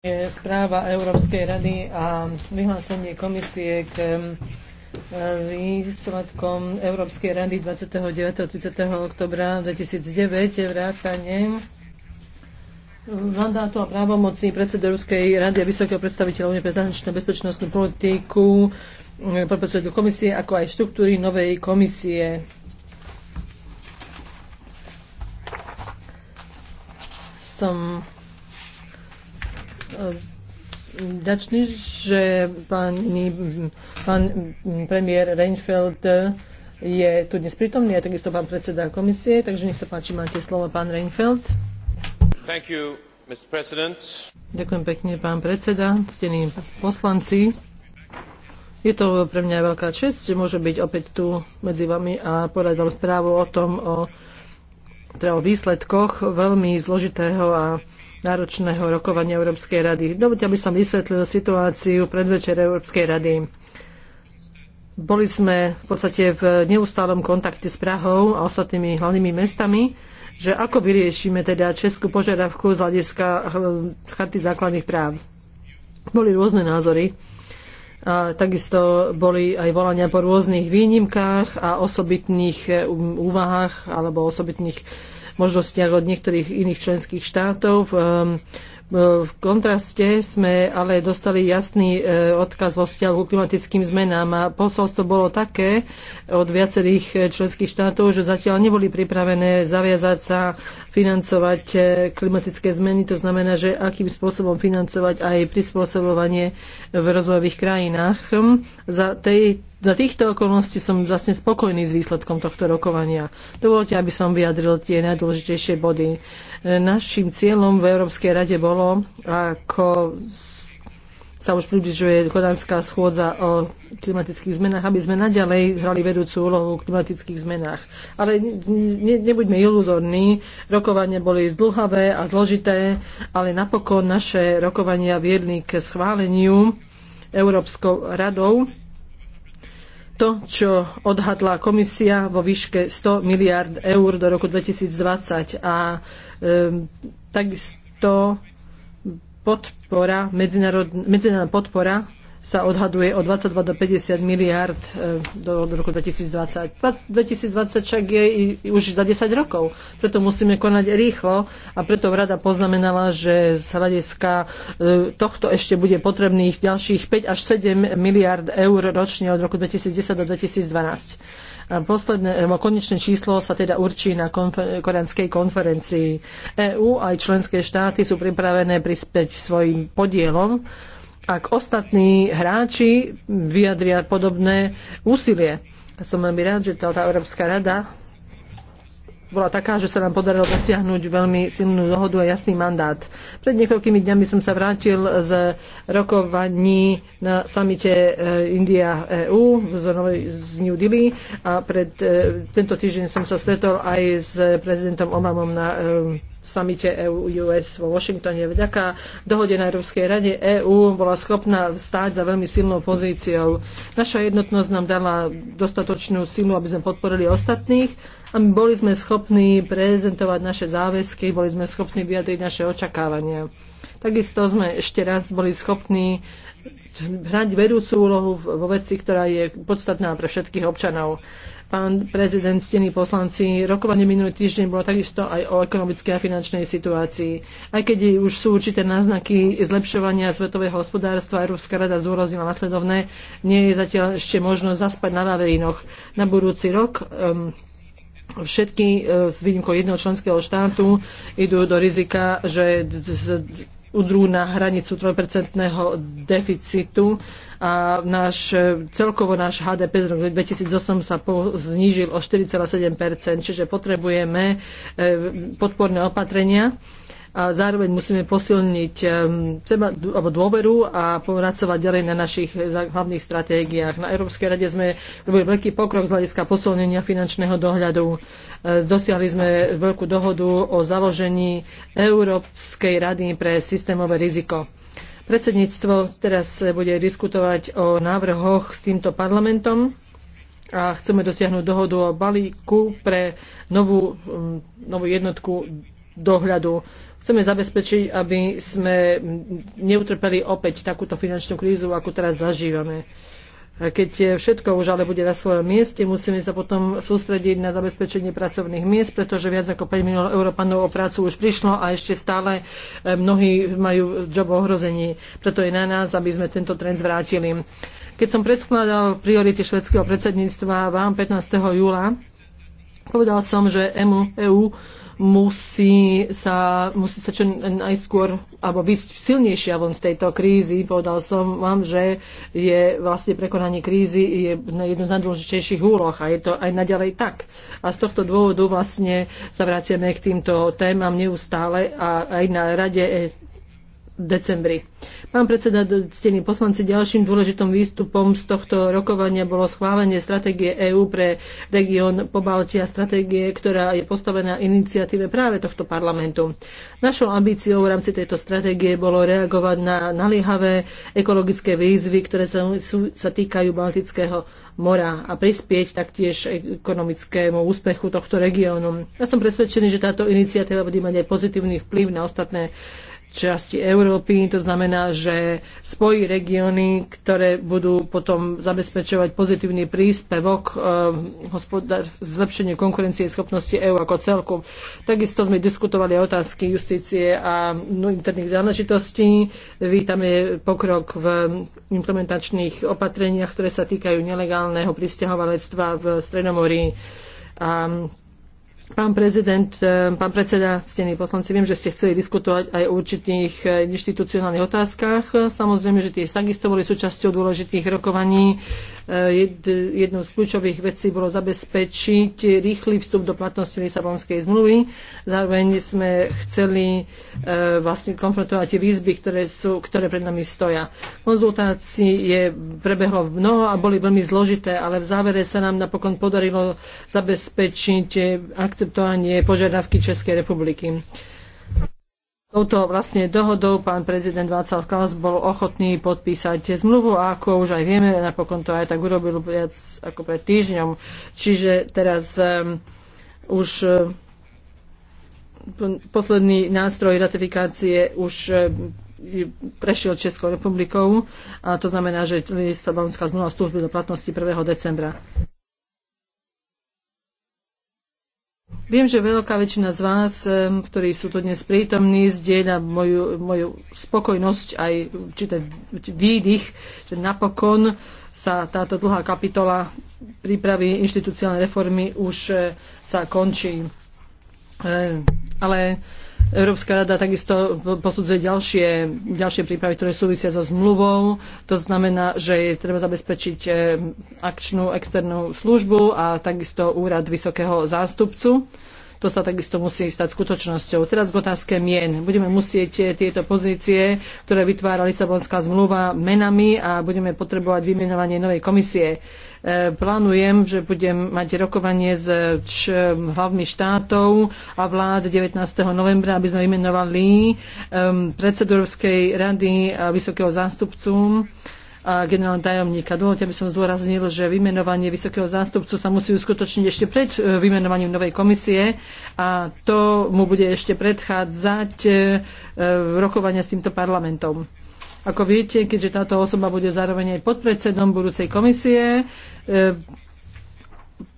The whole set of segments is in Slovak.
je správa Európskej rady a vyhlásenie komisie k e, výsledkom Európskej rady 29. a 30. oktobra 2009 vrátane mandátu a právomocí Európskej rady a vysokého predstaviteľa pre zahraničnú bezpečnostnú politiku pre predsedu komisie, ako aj štruktúry novej komisie. Som vďačný, ehm, že pani, pán premiér Reinfeld je tu dnes prítomný a takisto pán predseda komisie, takže nech sa páči, máte slovo, pán Reinfeld. Thank you, Mr. President. Ďakujem pekne, pán predseda, ctení poslanci. Je to pre mňa veľká čest, že môžem byť opäť tu medzi vami a povedať vám správu o tom, o, teda o výsledkoch veľmi zložitého a náročného rokovania Európskej rady. Dovoľte, aby som vysvetlil situáciu predvečer Európskej rady. Boli sme v podstate v neustálom kontakte s Prahou a ostatnými hlavnými mestami, že ako vyriešime teda českú požiadavku z hľadiska eh, charty základných práv. Boli rôzne názory. A takisto boli aj volania po rôznych výnimkách a osobitných eh, úvahách alebo osobitných možnostiach od niektorých iných členských štátov. V kontraste sme ale dostali jasný e, odkaz vo vzťahu klimatickým zmenám a posolstvo bolo také od viacerých e, členských štátov, že zatiaľ neboli pripravené zaviazať sa financovať e, klimatické zmeny. To znamená, že akým spôsobom financovať aj prispôsobovanie v rozvojových krajinách. Hm, za tej, za týchto okolností som vlastne spokojný s výsledkom tohto rokovania. Dovolte, aby som vyjadril tie najdôležitejšie body. Naším cieľom v Európskej rade bolo, ako sa už približuje kodanská schôdza o klimatických zmenách, aby sme naďalej hrali vedúcu úlohu v klimatických zmenách. Ale ne, nebuďme iluzorní, rokovania boli zdlhavé a zložité, ale napokon naše rokovania viedli k schváleniu Európskou radou to, čo odhadla komisia vo výške 100 miliard eur do roku 2020 a takisto podpora, medzinárodná podpora sa odhaduje o 22 do 50 miliard e, do, roku 2020. 2020 však je už za 10 rokov, preto musíme konať rýchlo a preto rada poznamenala, že z hľadiska e, tohto ešte bude potrebných ďalších 5 až 7 miliard eur ročne od roku 2010 do 2012. A posledné, e, konečné číslo sa teda určí na konfer- koreanskej konferencii. EÚ aj členské štáty sú pripravené prispäť svojim podielom ak ostatní hráči vyjadria podobné úsilie. Ja som veľmi rád, že tá, tá Európska rada bola taká, že sa nám podarilo dosiahnuť veľmi silnú dohodu a jasný mandát. Pred niekoľkými dňami som sa vrátil z rokovaní na samite eh, India EU z New Delhi a pred eh, tento týždeň som sa stretol aj s prezidentom Obamom na eh, samite EU-US vo Washingtone. Vďaka dohode na Európskej rade EÚ bola schopná stáť za veľmi silnou pozíciou. Naša jednotnosť nám dala dostatočnú silu, aby sme podporili ostatných a boli sme schopní prezentovať naše záväzky, boli sme schopní vyjadriť naše očakávania. Takisto sme ešte raz boli schopní hrať vedúcu úlohu vo veci, ktorá je podstatná pre všetkých občanov pán prezident, stení poslanci, rokovanie minulý týždeň bolo takisto aj o ekonomickej a finančnej situácii. Aj keď už sú určité náznaky zlepšovania svetového hospodárstva, Európska rada zdôraznila nasledovné, nie je zatiaľ ešte možnosť zaspať na laverínoch. Na budúci rok um, všetky e, s výnimkou jedného členského štátu idú do rizika, že z, z, udrú na hranicu 3% deficitu a náš, celkovo náš HDP z roku 2008 sa po, znížil o 4,7%, čiže potrebujeme e, podporné opatrenia a zároveň musíme posilniť seba, alebo dôveru a pracovať ďalej na našich hlavných stratégiách. Na Európskej rade sme robili veľký pokrok z hľadiska posilnenia finančného dohľadu. E, dosiahli sme veľkú dohodu o založení Európskej rady pre systémové riziko. Predsedníctvo teraz bude diskutovať o návrhoch s týmto parlamentom a chceme dosiahnuť dohodu o balíku pre novú, novú jednotku dohľadu. Chceme zabezpečiť, aby sme neutrpeli opäť takúto finančnú krízu, ako teraz zažívame. Keď všetko už ale bude na svojom mieste, musíme sa potom sústrediť na zabezpečenie pracovných miest, pretože viac ako 5 miliónov Európanov o prácu už prišlo a ešte stále e, mnohí majú job ohrození. Preto je na nás, aby sme tento trend zvrátili. Keď som predskladal priority švedského predsedníctva vám 15. júla, povedal som, že EU e musí sa, musí sa čo najskôr alebo byť silnejšia von z tejto krízy. Povedal som vám, že je vlastne prekonanie krízy je jedno z najdôležitejších úloh a je to aj naďalej tak. A z tohto dôvodu vlastne sa vraciame k týmto témam neustále a aj na rade decembri. Pán predseda, ctení poslanci, ďalším dôležitým výstupom z tohto rokovania bolo schválenie stratégie EÚ pre región Pobaltia, stratégie, ktorá je postavená iniciatíve práve tohto parlamentu. Našou ambíciou v rámci tejto stratégie bolo reagovať na naliehavé ekologické výzvy, ktoré sa, sú, sa týkajú Baltického mora a prispieť taktiež ekonomickému úspechu tohto regiónu. Ja som presvedčený, že táto iniciatíva bude mať aj pozitívny vplyv na ostatné časti Európy. To znamená, že spojí regióny, ktoré budú potom zabezpečovať pozitívny príspevok eh, zlepšeniu konkurencie schopnosti EÚ ako celku. Takisto sme diskutovali otázky justície a no, interných záležitostí. Vítame pokrok v implementačných opatreniach, ktoré sa týkajú nelegálneho pristahovalectva v Stredomorí. A Pán prezident, e, pán predseda, ctení poslanci, viem, že ste chceli diskutovať aj o určitých e, inštitucionálnych otázkach. Samozrejme, že tie takisto boli súčasťou dôležitých rokovaní. E, jednou z kľúčových vecí bolo zabezpečiť rýchly vstup do platnosti Lisabonskej zmluvy. Zároveň sme chceli vlastne konfrontovať tie výzby, ktoré, sú, ktoré pred nami stoja. Konzultácií je, prebehlo mnoho a boli veľmi zložité, ale v závere sa nám napokon podarilo zabezpečiť akci akceptovanie požiadavky Českej republiky. Touto vlastne dohodou pán prezident Václav Klaus bol ochotný podpísať zmluvu a ako už aj vieme, napokon to aj tak urobil viac ako pred týždňom. Čiže teraz um, už um, posledný nástroj ratifikácie už um, prešiel Českou republikou a to znamená, že Lisabonská zmluva vstúpi do platnosti 1. decembra. Viem, že veľká väčšina z vás, ktorí sú tu dnes prítomní, zdieľa moju, moju spokojnosť aj určité výdych, že napokon sa táto dlhá kapitola prípravy inštitúciálnej reformy už eh, sa končí. Eh, ale Európska rada takisto posudzuje ďalšie, ďalšie prípravy, ktoré súvisia so zmluvou. To znamená, že je treba zabezpečiť eh, akčnú externú službu a takisto úrad vysokého zástupcu. To sa takisto musí stať skutočnosťou. Teraz k otázke mien. Budeme musieť tieto pozície, ktoré vytvára Lisabonská zmluva, menami a budeme potrebovať vymenovanie novej komisie. E, plánujem, že budem mať rokovanie s hlavmi štátov a vlád 19. novembra, aby sme vymenovali e, predsedu Európskej rady a vysokého zástupcu a generálneho tajomníka. Dovolte, aby som zdôraznil, že vymenovanie vysokého zástupcu sa musí uskutočniť ešte pred e, vymenovaním novej komisie a to mu bude ešte predchádzať e, e, rokovania s týmto parlamentom. Ako viete, keďže táto osoba bude zároveň aj podpredsedom budúcej komisie,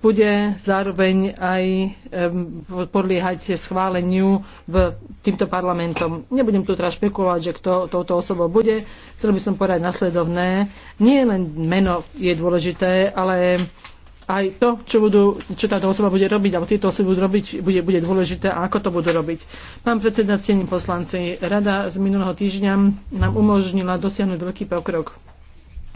bude zároveň aj podliehať schváleniu v týmto parlamentom. Nebudem tu teraz špekulovať, že kto touto osobou bude. Chcel by som povedať nasledovné. Nie len meno je dôležité, ale aj to, čo, budú, čo táto osoba bude robiť, alebo tieto osoby budú robiť, bude, bude dôležité a ako to budú robiť. Pán predseda, ctení poslanci, rada z minulého týždňa nám umožnila dosiahnuť veľký pokrok.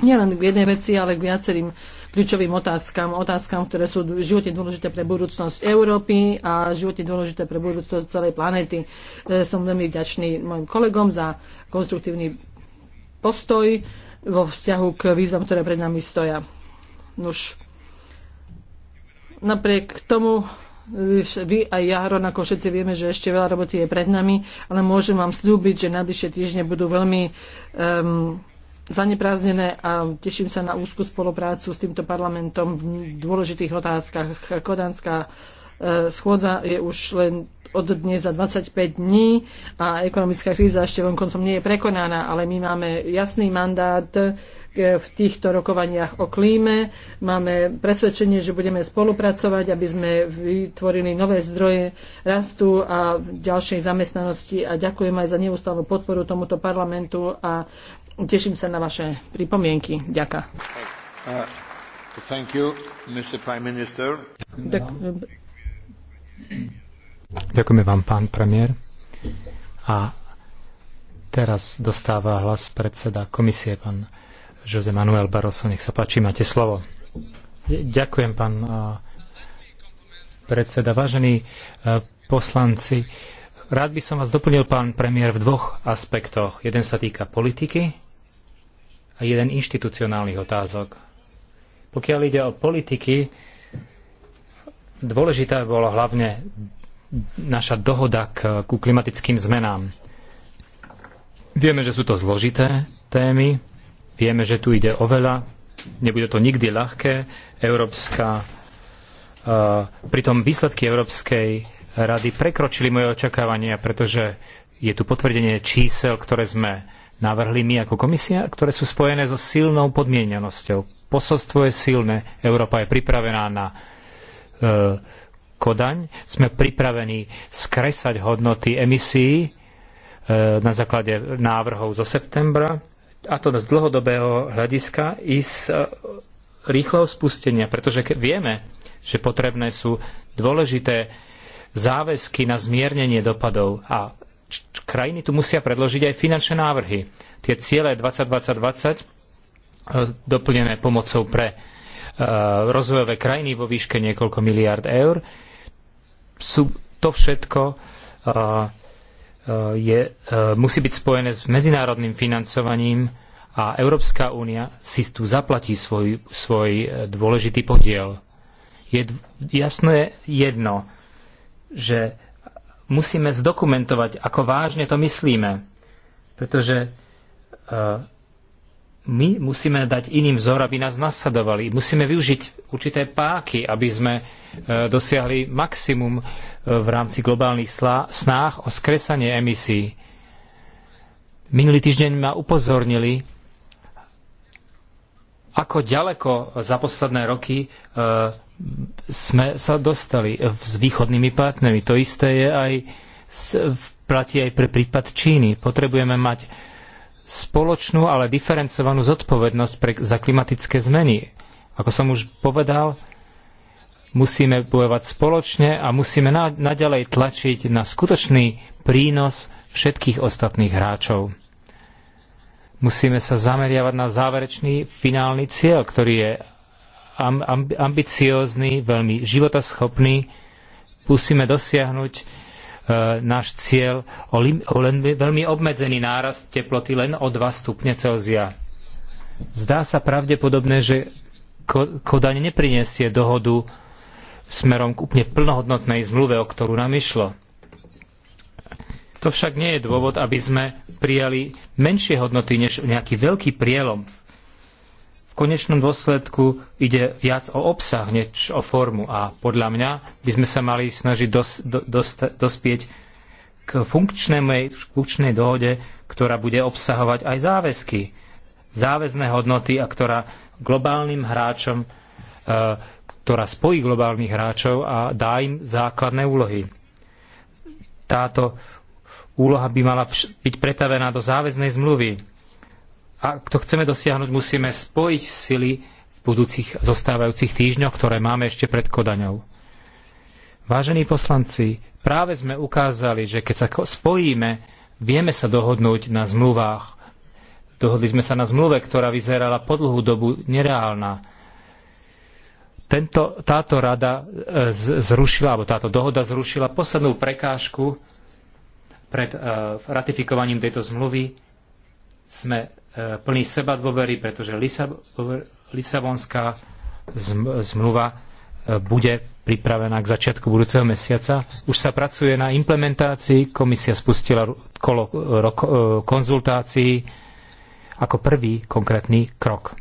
Nielen k jednej veci, ale k viacerým kľúčovým otázkam, otázkam, ktoré sú životne dôležité pre budúcnosť Európy a životne dôležité pre budúcnosť celej planéty. E, som veľmi vďačný mojim kolegom za konstruktívny postoj vo vzťahu k výzvam, ktoré pred nami stoja. Nuž, napriek tomu e, vy a ja rovnako všetci vieme, že ešte veľa roboty je pred nami, ale môžem vám slúbiť, že najbližšie týždne budú veľmi um, Zanepráznené a teším sa na úzku spoluprácu s týmto parlamentom v dôležitých otázkach. Kodanská e, schôdza je už len od dnes za 25 dní a ekonomická kríza ešte vonkoncom nie je prekonaná, ale my máme jasný mandát e, v týchto rokovaniach o klíme. Máme presvedčenie, že budeme spolupracovať, aby sme vytvorili nové zdroje rastu a ďalšej zamestnanosti a ďakujem aj za neustálu podporu tomuto parlamentu a Teším sa na vaše pripomienky. Ďaká. Uh, Ďakujeme vám, pán premiér. A teraz dostáva hlas predseda komisie, pán Jose Manuel Barroso. Nech sa páči, máte slovo. Ďakujem, pán uh, predseda. Vážení uh, poslanci, rád by som vás doplnil, pán premiér, v dvoch aspektoch. Jeden sa týka politiky a jeden inštitucionálnych otázok. Pokiaľ ide o politiky, dôležitá bola hlavne naša dohoda k, ku klimatickým zmenám. Vieme, že sú to zložité témy, vieme, že tu ide oveľa, nebude to nikdy ľahké. Európska, uh, pritom výsledky Európskej rady prekročili moje očakávania, pretože je tu potvrdenie čísel, ktoré sme navrhli my ako komisia, ktoré sú spojené so silnou podmienenosťou. Posolstvo je silné, Európa je pripravená na e, Kodaň, sme pripravení skresať hodnoty emisií e, na základe návrhov zo septembra, a to z dlhodobého hľadiska i z e, rýchleho spustenia, pretože vieme, že potrebné sú dôležité záväzky na zmiernenie dopadov a krajiny tu musia predložiť aj finančné návrhy. Tie ciele 2020 e, doplnené pomocou pre e, rozvojové krajiny vo výške niekoľko miliárd eur. Sú to všetko e, je, musí byť spojené s medzinárodným financovaním a Európska únia si tu zaplatí svoj, svoj dôležitý podiel. Je jasné jedno, že musíme zdokumentovať, ako vážne to myslíme. Pretože e, my musíme dať iným vzor, aby nás nasledovali. Musíme využiť určité páky, aby sme e, dosiahli maximum e, v rámci globálnych snách o skresanie emisí. Minulý týždeň ma upozornili, ako ďaleko za posledné roky sme sa dostali s východnými partnermi. To isté je aj, platí aj pre prípad Číny. Potrebujeme mať spoločnú, ale diferencovanú zodpovednosť pre, za klimatické zmeny. Ako som už povedal, musíme bojovať spoločne a musíme na, naďalej tlačiť na skutočný prínos všetkých ostatných hráčov. Musíme sa zameriavať na záverečný finálny cieľ, ktorý je ambiciózny, veľmi životaschopný. Musíme dosiahnuť e, náš cieľ o, len veľmi obmedzený nárast teploty len o 2 stupne Celzia. Zdá sa pravdepodobné, že Kodaň neprinesie dohodu smerom k úplne plnohodnotnej zmluve, o ktorú nám išlo. To však nie je dôvod, aby sme prijali menšie hodnoty než nejaký veľký prielom konečnom dôsledku ide viac o obsah, než o formu. A podľa mňa by sme sa mali snažiť dos, do, dos, dospieť k funkčnej, funkčnej dohode, ktorá bude obsahovať aj záväzky, záväzné hodnoty a ktorá globálnym hráčom, e, ktorá spojí globálnych hráčov a dá im základné úlohy. Táto úloha by mala byť pretavená do záväznej zmluvy ak to chceme dosiahnuť, musíme spojiť sily v budúcich zostávajúcich týždňoch, ktoré máme ešte pred Kodaňou. Vážení poslanci, práve sme ukázali, že keď sa spojíme, vieme sa dohodnúť na zmluvách. Dohodli sme sa na zmluve, ktorá vyzerala po dlhú dobu nereálna. Tento, táto rada e, zrušila, alebo táto dohoda zrušila poslednú prekážku pred e, ratifikovaním tejto zmluvy. Sme E, plný seba dôvery, pretože Lisabonská zmluva e, bude pripravená k začiatku budúceho mesiaca. Už sa pracuje na implementácii, komisia spustila kolo e, konzultácií ako prvý konkrétny krok.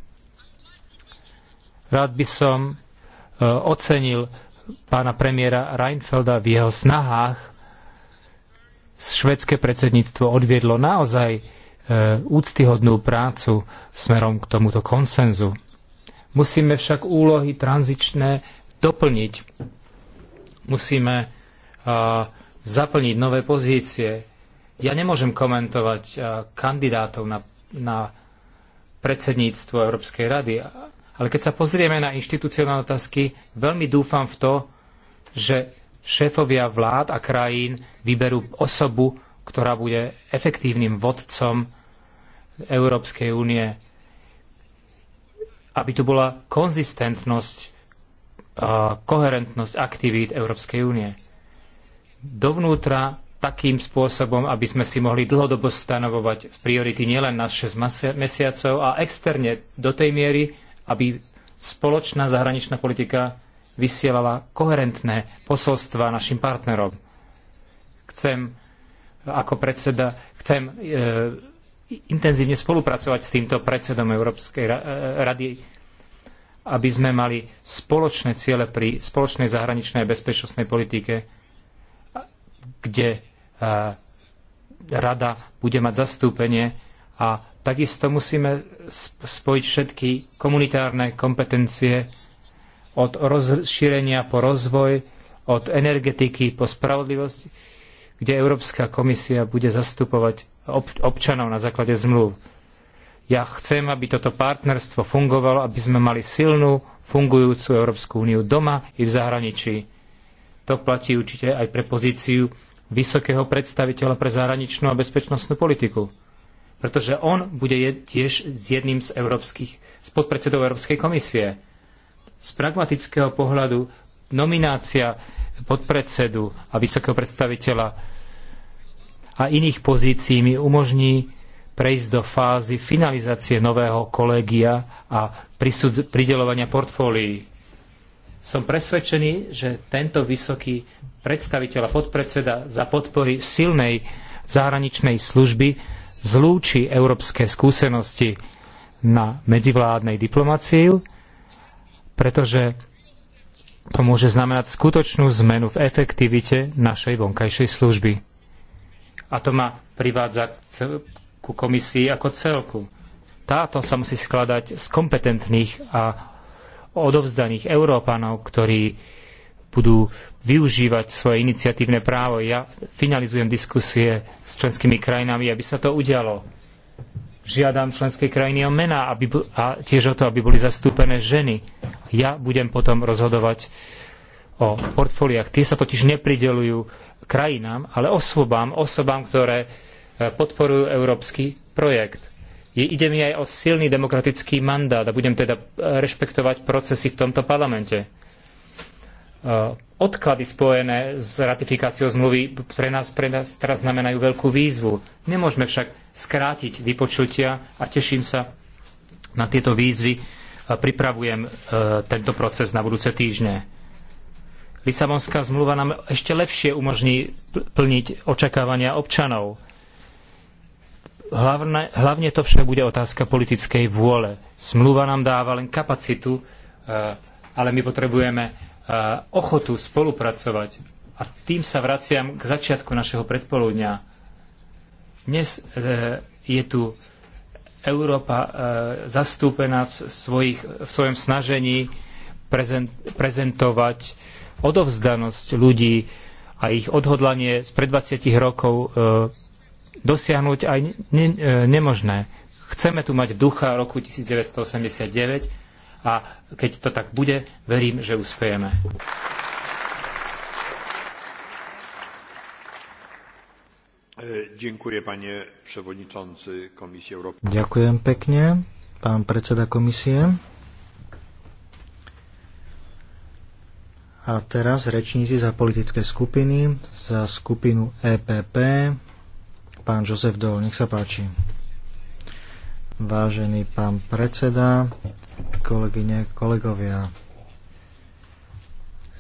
Rád by som ocenil pána premiéra Reinfelda v jeho snahách. Švedské predsedníctvo odviedlo naozaj Eh, úctyhodnú prácu smerom k tomuto konsenzu. Musíme však úlohy tranzičné doplniť. Musíme eh, zaplniť nové pozície. Ja nemôžem komentovať eh, kandidátov na, na predsedníctvo Európskej rady, ale keď sa pozrieme na inštitucionálne otázky, veľmi dúfam v to, že šéfovia vlád a krajín vyberú osobu, ktorá bude efektívnym vodcom Európskej únie, aby tu bola konzistentnosť, a e, koherentnosť aktivít Európskej únie. Dovnútra takým spôsobom, aby sme si mohli dlhodobo stanovovať v priority nielen na 6 mesiacov a externe do tej miery, aby spoločná zahraničná politika vysielala koherentné posolstva našim partnerom. Chcem ako predseda chcem e, intenzívne spolupracovať s týmto predsedom Európskej e, rady, aby sme mali spoločné ciele pri spoločnej zahraničnej a bezpečnostnej politike, kde e, rada bude mať zastúpenie a takisto musíme spojiť všetky komunitárne kompetencie od rozšírenia po rozvoj, od energetiky po spravodlivosť, kde Európska komisia bude zastupovať občanov na základe zmluv. Ja chcem, aby toto partnerstvo fungovalo, aby sme mali silnú, fungujúcu Európsku úniu doma i v zahraničí. To platí určite aj pre pozíciu vysokého predstaviteľa pre zahraničnú a bezpečnostnú politiku. Pretože on bude tiež s jedným z, európskych, z podpredsedov Európskej komisie. Z pragmatického pohľadu nominácia podpredsedu a vysokého predstaviteľa a iných pozícií mi umožní prejsť do fázy finalizácie nového kolégia a prideľovania portfólií. Som presvedčený, že tento vysoký predstaviteľ a podpredseda za podpory silnej zahraničnej služby zlúči európske skúsenosti na medzivládnej diplomácii, pretože to môže znamenať skutočnú zmenu v efektivite našej vonkajšej služby. A to ma privádza ku komisii ako celku. Táto sa musí skladať z kompetentných a odovzdaných Európanov, ktorí budú využívať svoje iniciatívne právo. Ja finalizujem diskusie s členskými krajinami, aby sa to udialo žiadam členské krajiny o mená aby, a tiež o to, aby boli zastúpené ženy. Ja budem potom rozhodovať o portfóliách. Tie sa totiž nepridelujú krajinám, ale osobám, osobám, ktoré e, podporujú európsky projekt. Ide mi aj o silný demokratický mandát a budem teda e, rešpektovať procesy v tomto parlamente. E, odklady spojené s ratifikáciou zmluvy pre nás, pre nás teraz znamenajú veľkú výzvu. Nemôžeme však skrátiť vypočutia a teším sa na tieto výzvy. Pripravujem e, tento proces na budúce týždne. Lisabonská zmluva nám ešte lepšie umožní plniť očakávania občanov. Hlavne, hlavne to však bude otázka politickej vôle. Zmluva nám dáva len kapacitu, e, ale my potrebujeme ochotu spolupracovať. A tým sa vraciam k začiatku našeho predpoludňa. Dnes e, je tu Európa e, zastúpená v, svojich, v svojom snažení prezentovať odovzdanosť ľudí a ich odhodlanie z pred 20 rokov e, dosiahnuť aj nemožné. Chceme tu mať ducha roku 1989, a keď to tak bude, verím, že uspejeme. Ďakujem, e, Komisie Ďakujem pekne, pán predseda komisie. A teraz rečníci za politické skupiny, za skupinu EPP, pán Jozef Dol, nech sa páči. Vážený pán predseda, kolegyne, kolegovia.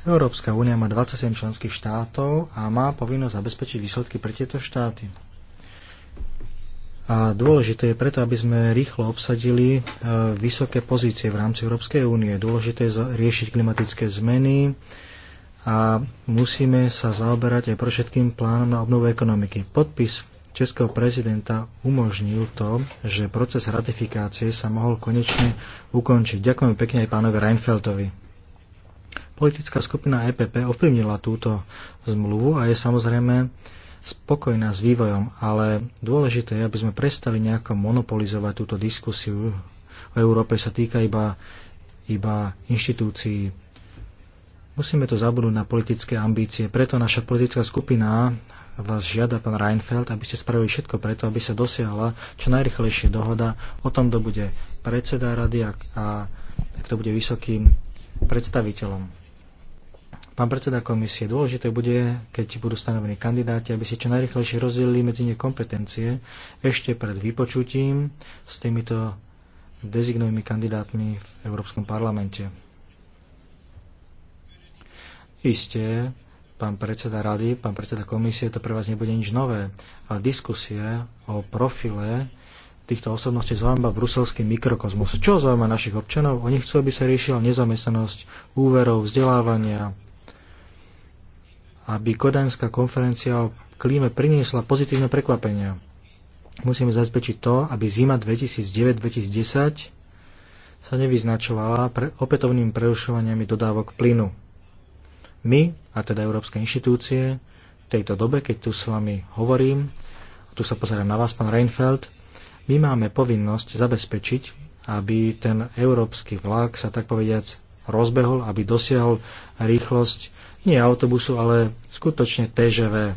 Európska únia má 27 členských štátov a má povinnosť zabezpečiť výsledky pre tieto štáty. A dôležité je preto, aby sme rýchlo obsadili e, vysoké pozície v rámci Európskej únie. Dôležité je riešiť klimatické zmeny a musíme sa zaoberať aj pre všetkým plánom na obnovu ekonomiky. Podpis českého prezidenta umožnil to, že proces ratifikácie sa mohol konečne ukončiť. Ďakujem pekne aj pánovi Reinfeldtovi. Politická skupina EPP ovplyvnila túto zmluvu a je samozrejme spokojná s vývojom, ale dôležité je, aby sme prestali nejako monopolizovať túto diskusiu. O Európe sa týka iba, iba inštitúcií. Musíme to zabudnúť na politické ambície. Preto naša politická skupina vás žiada pán Reinfeld, aby ste spravili všetko preto, aby sa dosiahla čo najrychlejšie dohoda o tom, kto bude predseda rady a, a kto bude vysokým predstaviteľom. Pán predseda komisie, dôležité bude, keď budú stanovení kandidáti, aby si čo najrychlejšie rozdelili medzi ne kompetencie ešte pred vypočutím s týmito dezignovými kandidátmi v Európskom parlamente. Isté, pán predseda rady, pán predseda komisie, to pre vás nebude nič nové, ale diskusie o profile týchto osobností zaujíma bruselský mikrokozmus. Čo zaujíma našich občanov? Oni chcú, aby sa riešila nezamestnanosť úverov, vzdelávania, aby kodaňská konferencia o klíme priniesla pozitívne prekvapenia. Musíme zabezpečiť to, aby zima 2009-2010 sa nevyznačovala pre opätovnými prerušovaniami dodávok plynu my, a teda európske inštitúcie, v tejto dobe, keď tu s vami hovorím, tu sa pozerám na vás, pán Reinfeld, my máme povinnosť zabezpečiť, aby ten európsky vlak sa tak povediac rozbehol, aby dosiahol rýchlosť nie autobusu, ale skutočne TŽV.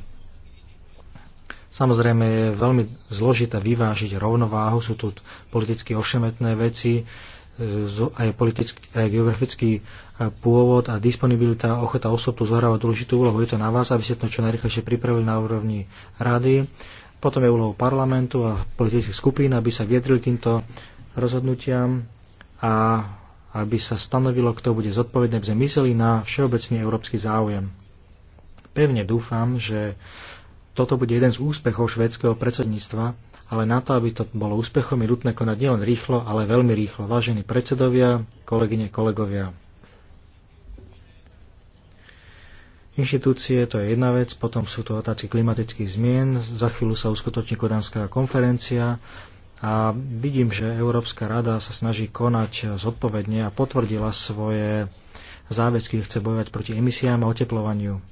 Samozrejme je veľmi zložité vyvážiť rovnováhu, sú tu politicky ošemetné veci, e, aj politicky, aj geograficky pôvod a disponibilita, ochota osob tu zohráva dôležitú úlohu. Je to na vás, aby ste to čo najrychlejšie pripravili na úrovni rady. Potom je úlohou parlamentu a politických skupín, aby sa viedrili týmto rozhodnutiam a aby sa stanovilo, kto bude zodpovedný, aby sme mysleli na všeobecný európsky záujem. Pevne dúfam, že toto bude jeden z úspechov švedského predsedníctva, ale na to, aby to bolo úspechom, je nutné konať nielen rýchlo, ale veľmi rýchlo. Vážení predsedovia, kolegyne, kolegovia, inštitúcie, to je jedna vec, potom sú to otázky klimatických zmien, za chvíľu sa uskutoční kodanská konferencia a vidím, že Európska rada sa snaží konať zodpovedne a potvrdila svoje záväzky, chce bojovať proti emisiám a oteplovaniu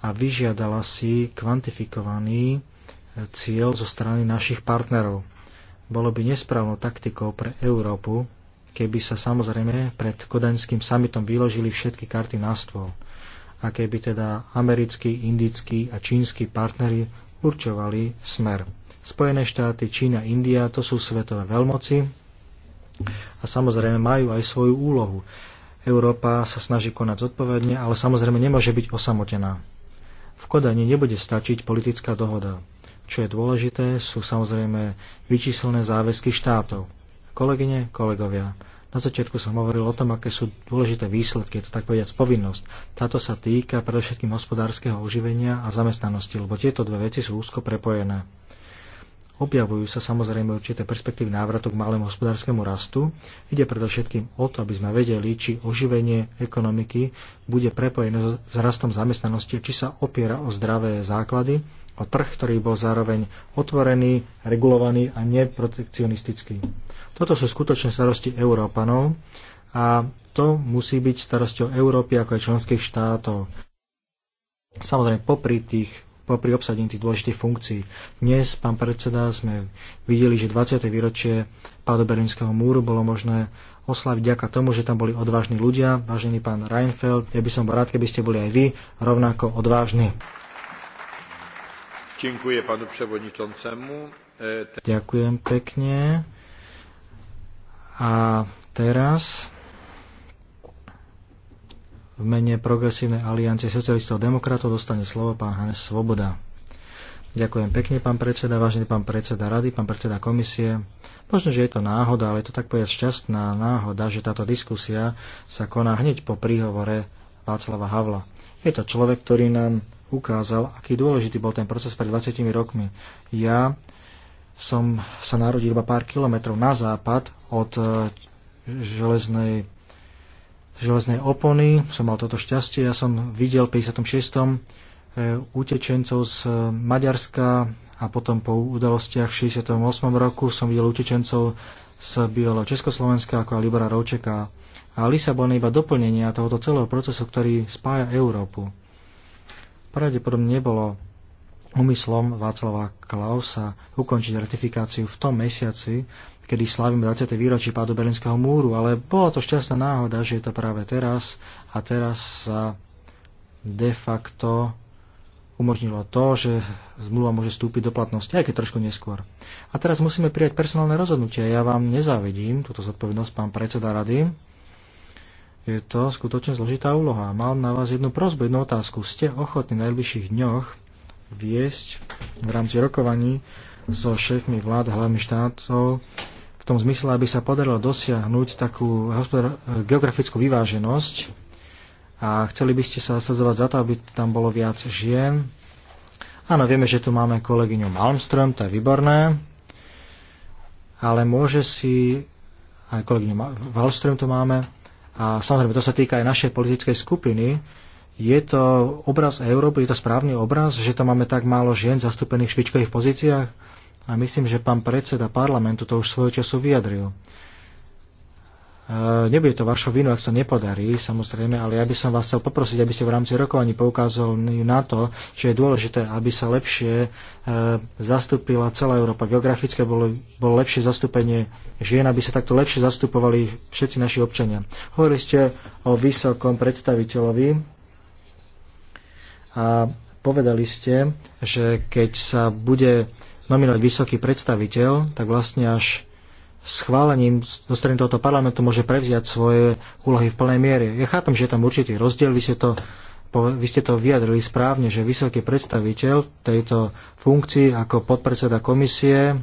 a vyžiadala si kvantifikovaný cieľ zo strany našich partnerov. Bolo by nesprávnou taktikou pre Európu, keby sa samozrejme pred kodaňským samitom vyložili všetky karty na stôl a keby teda americkí, indickí a čínsky partneri určovali smer. Spojené štáty, Čína, India to sú svetové veľmoci a samozrejme majú aj svoju úlohu. Európa sa snaží konať zodpovedne, ale samozrejme nemôže byť osamotená. V Kodani nebude stačiť politická dohoda. Čo je dôležité, sú samozrejme vyčíselné záväzky štátov. Kolegyne, kolegovia, na začiatku som hovoril o tom, aké sú dôležité výsledky, je to tak povedať povinnosť. Táto sa týka predovšetkým hospodárskeho uživenia a zamestnanosti, lebo tieto dve veci sú úzko prepojené. Objavujú sa samozrejme určité perspektívy návratu k malému hospodárskému rastu. Ide predovšetkým o to, aby sme vedeli, či oživenie ekonomiky bude prepojené s rastom zamestnanosti, či sa opiera o zdravé základy o trh, ktorý bol zároveň otvorený, regulovaný a neprotekcionistický. Toto sú skutočné starosti Európanov a to musí byť starosťou Európy ako aj členských štátov. Samozrejme, popri tých popri obsadení tých dôležitých funkcií. Dnes, pán predseda, sme videli, že 20. výročie pádu Berlínskeho múru bolo možné oslaviť vďaka tomu, že tam boli odvážni ľudia. Vážený pán Reinfeld, ja by som bol rád, keby ste boli aj vy rovnako odvážni. Ďakujem panu przewodniczącemu. E, Ďakujem pekne. A teraz v mene Progresívnej aliancie socialistov a demokratov dostane slovo pán Hanes Svoboda. Ďakujem pekne, pán predseda, vážený pán predseda rady, pán predseda komisie. Možno, že je to náhoda, ale je to tak povedať šťastná náhoda, že táto diskusia sa koná hneď po príhovore Václava Havla. Je to človek, ktorý nám ukázal, aký dôležitý bol ten proces pred 20 rokmi. Ja som sa narodil iba pár kilometrov na západ od e, železnej, železnej opony. Som mal toto šťastie. Ja som videl v 56. E, utečencov z e, Maďarska a potom po udalostiach v 68. roku som videl utečencov z bývalého Československa ako aj Libera Rovčeka a Lisabon iba doplnenia tohoto celého procesu, ktorý spája Európu. Pravdepodobne nebolo úmyslom Václava Klausa ukončiť ratifikáciu v tom mesiaci, kedy slavíme 20. výročie pádu Berlínskeho múru, ale bola to šťastná náhoda, že je to práve teraz a teraz sa de facto umožnilo to, že zmluva môže vstúpiť do platnosti, aj keď trošku neskôr. A teraz musíme prijať personálne rozhodnutie. Ja vám nezávidím túto zodpovednosť, pán predseda rady, je to skutočne zložitá úloha. Mám na vás jednu prozbu, jednu otázku. Ste ochotní v najbližších dňoch viesť v rámci rokovaní so šéfmi vlád hlavných štátov v tom zmysle, aby sa podarilo dosiahnuť takú geografickú vyváženosť a chceli by ste sa zasadzovať za to, aby tam bolo viac žien. Áno, vieme, že tu máme kolegyňu Malmström, to je výborné, ale môže si aj kolegyňu Malmström tu máme, a samozrejme to sa týka aj našej politickej skupiny, je to obraz Európy, je to správny obraz, že tam máme tak málo žien zastúpených v špičkových pozíciách? A myslím, že pán predseda parlamentu to už svojho času vyjadril. Eh, nebude to vašou vinou, ak sa nepodarí, samozrejme, ale ja by som vás chcel poprosiť, aby ste v rámci rokovaní poukázali na to, že je dôležité, aby sa lepšie eh, zastúpila celá Európa. Geografické bolo, bolo lepšie zastúpenie žien, aby sa takto lepšie zastupovali všetci naši občania. Hovorili ste o vysokom predstaviteľovi a povedali ste, že keď sa bude nominovať vysoký predstaviteľ, tak vlastne až schválením zo strany tohoto parlamentu môže prevziať svoje úlohy v plnej miere. Ja chápem, že je tam určitý rozdiel, vy ste to, vy ste to vyjadrili správne, že vysoký predstaviteľ tejto funkcii ako podpredseda komisie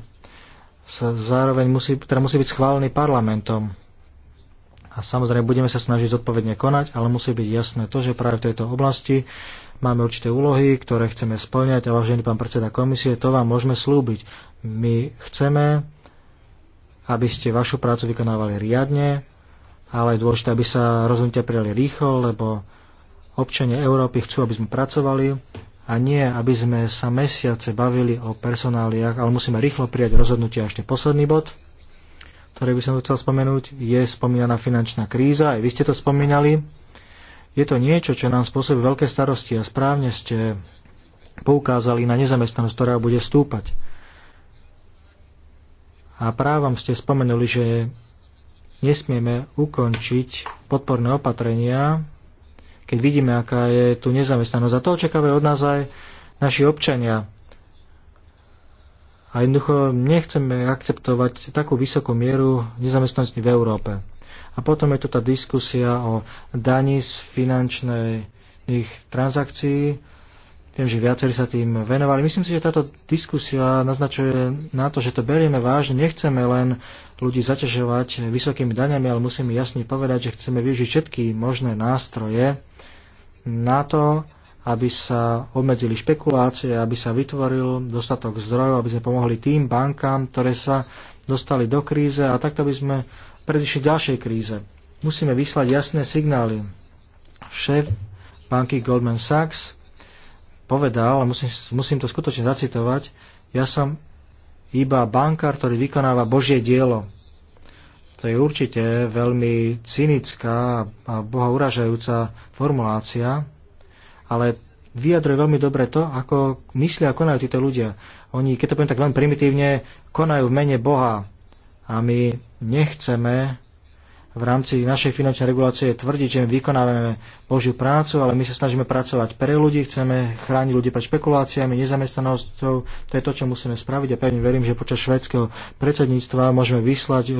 sa zároveň musí, teda musí byť schválený parlamentom. A samozrejme budeme sa snažiť zodpovedne konať, ale musí byť jasné to, že práve v tejto oblasti máme určité úlohy, ktoré chceme splňať a vážený pán predseda komisie, to vám môžeme slúbiť. My chceme aby ste vašu prácu vykonávali riadne, ale je dôležité, aby sa rozhodnutia prijali rýchlo, lebo občania Európy chcú, aby sme pracovali a nie, aby sme sa mesiace bavili o personáliach, ale musíme rýchlo prijať rozhodnutia. Ešte posledný bod, ktorý by som tu chcel spomenúť, je spomínaná finančná kríza, aj vy ste to spomínali. Je to niečo, čo nám spôsobí veľké starosti a správne ste poukázali na nezamestnanosť, ktorá bude stúpať a právom ste spomenuli, že nesmieme ukončiť podporné opatrenia, keď vidíme, aká je tu nezamestnanosť. A to očakávajú od nás aj naši občania. A jednoducho nechceme akceptovať takú vysokú mieru nezamestnanosti v Európe. A potom je tu tá diskusia o daní z finančných transakcií. Viem, že viacerí sa tým venovali. Myslím si, že táto diskusia naznačuje na to, že to berieme vážne. Nechceme len ľudí zaťažovať vysokými daňami, ale musíme jasne povedať, že chceme využiť všetky možné nástroje na to, aby sa obmedzili špekulácie, aby sa vytvoril dostatok zdrojov, aby sme pomohli tým bankám, ktoré sa dostali do kríze a takto by sme predišli ďalšej kríze. Musíme vyslať jasné signály. Šéf banky Goldman Sachs povedal, a musím, musím to skutočne zacitovať, ja som iba bankár, ktorý vykonáva Božie dielo. To je určite veľmi cynická a boha uražajúca formulácia, ale vyjadruje veľmi dobre to, ako myslia a konajú títo ľudia. Oni, keď to poviem tak veľmi primitívne, konajú v mene Boha a my nechceme v rámci našej finančnej regulácie tvrdiť, že my vykonávame Božiu prácu, ale my sa snažíme pracovať pre ľudí, chceme chrániť ľudí pred špekuláciami, nezamestnanosťou. To je to, čo musíme spraviť a pevne verím, že počas švedského predsedníctva môžeme vyslať e,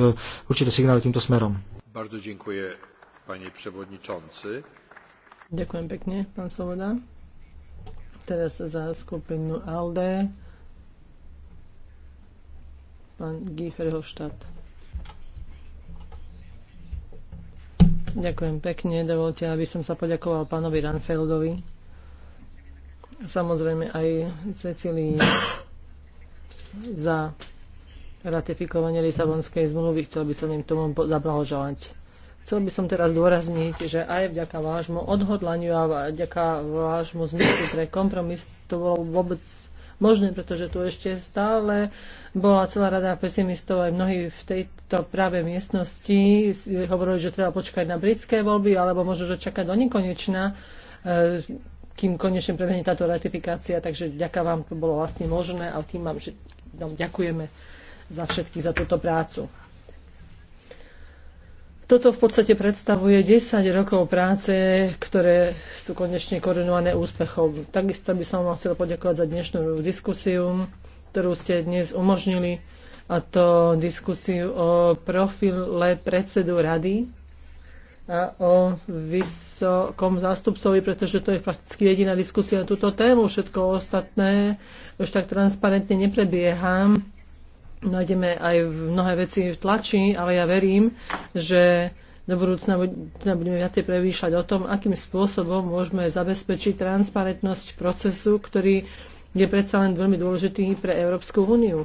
určité signály týmto smerom. Bardzo dziękuję, panie przewodniczący. Ďakujem pekne, pán Sloboda. Teraz za skupinu ALDE pán Giefer Hofstadt. Ďakujem pekne. Dovolte, aby som sa poďakoval pánovi Ranfeldovi. Samozrejme aj Cecílii za ratifikovanie Lisabonskej zmluvy. Chcel by som im tomu zablahoželať. Chcel by som teraz dôrazniť, že aj vďaka vášmu odhodlaniu a vďaka vášmu zmyslu pre kompromis to bolo vôbec možné, pretože tu ešte stále bola celá rada pesimistov aj mnohí v tejto práve miestnosti hovorili, že treba počkať na britské voľby alebo možno, že čakať do nekonečna e, kým konečne prebehne táto ratifikácia, takže ďaká vám, to bolo vlastne možné a tým vám že, ďakujeme za všetky za túto prácu. Toto v podstate predstavuje 10 rokov práce, ktoré sú konečne korunované úspechom. Takisto by som vám chcel poďakovať za dnešnú diskusiu, ktorú ste dnes umožnili, a to diskusiu o profile predsedu rady a o vysokom zástupcovi, pretože to je prakticky jediná diskusia na túto tému. Všetko ostatné už tak transparentne neprebieha nájdeme aj mnohé veci v tlači, ale ja verím, že do budúcna budeme viacej prevýšľať o tom, akým spôsobom môžeme zabezpečiť transparentnosť procesu, ktorý je predsa len veľmi dôležitý pre Európsku úniu.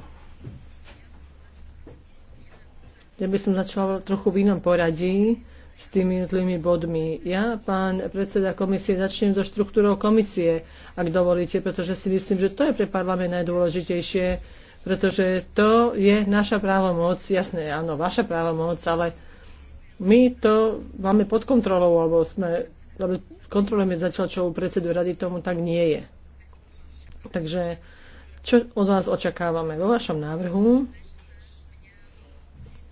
Ja by som začala trochu v inom poradí s tými jednotlivými bodmi. Ja, pán predseda komisie, začnem so štruktúrou komisie, ak dovolíte, pretože si myslím, že to je pre parlament najdôležitejšie, pretože to je naša právomoc, jasné, áno, vaša právomoc, ale my to máme pod kontrolou, alebo sme, alebo kontrolujeme zatiaľ, čo u predsedu rady tomu tak nie je. Takže čo od vás očakávame? Vo vašom návrhu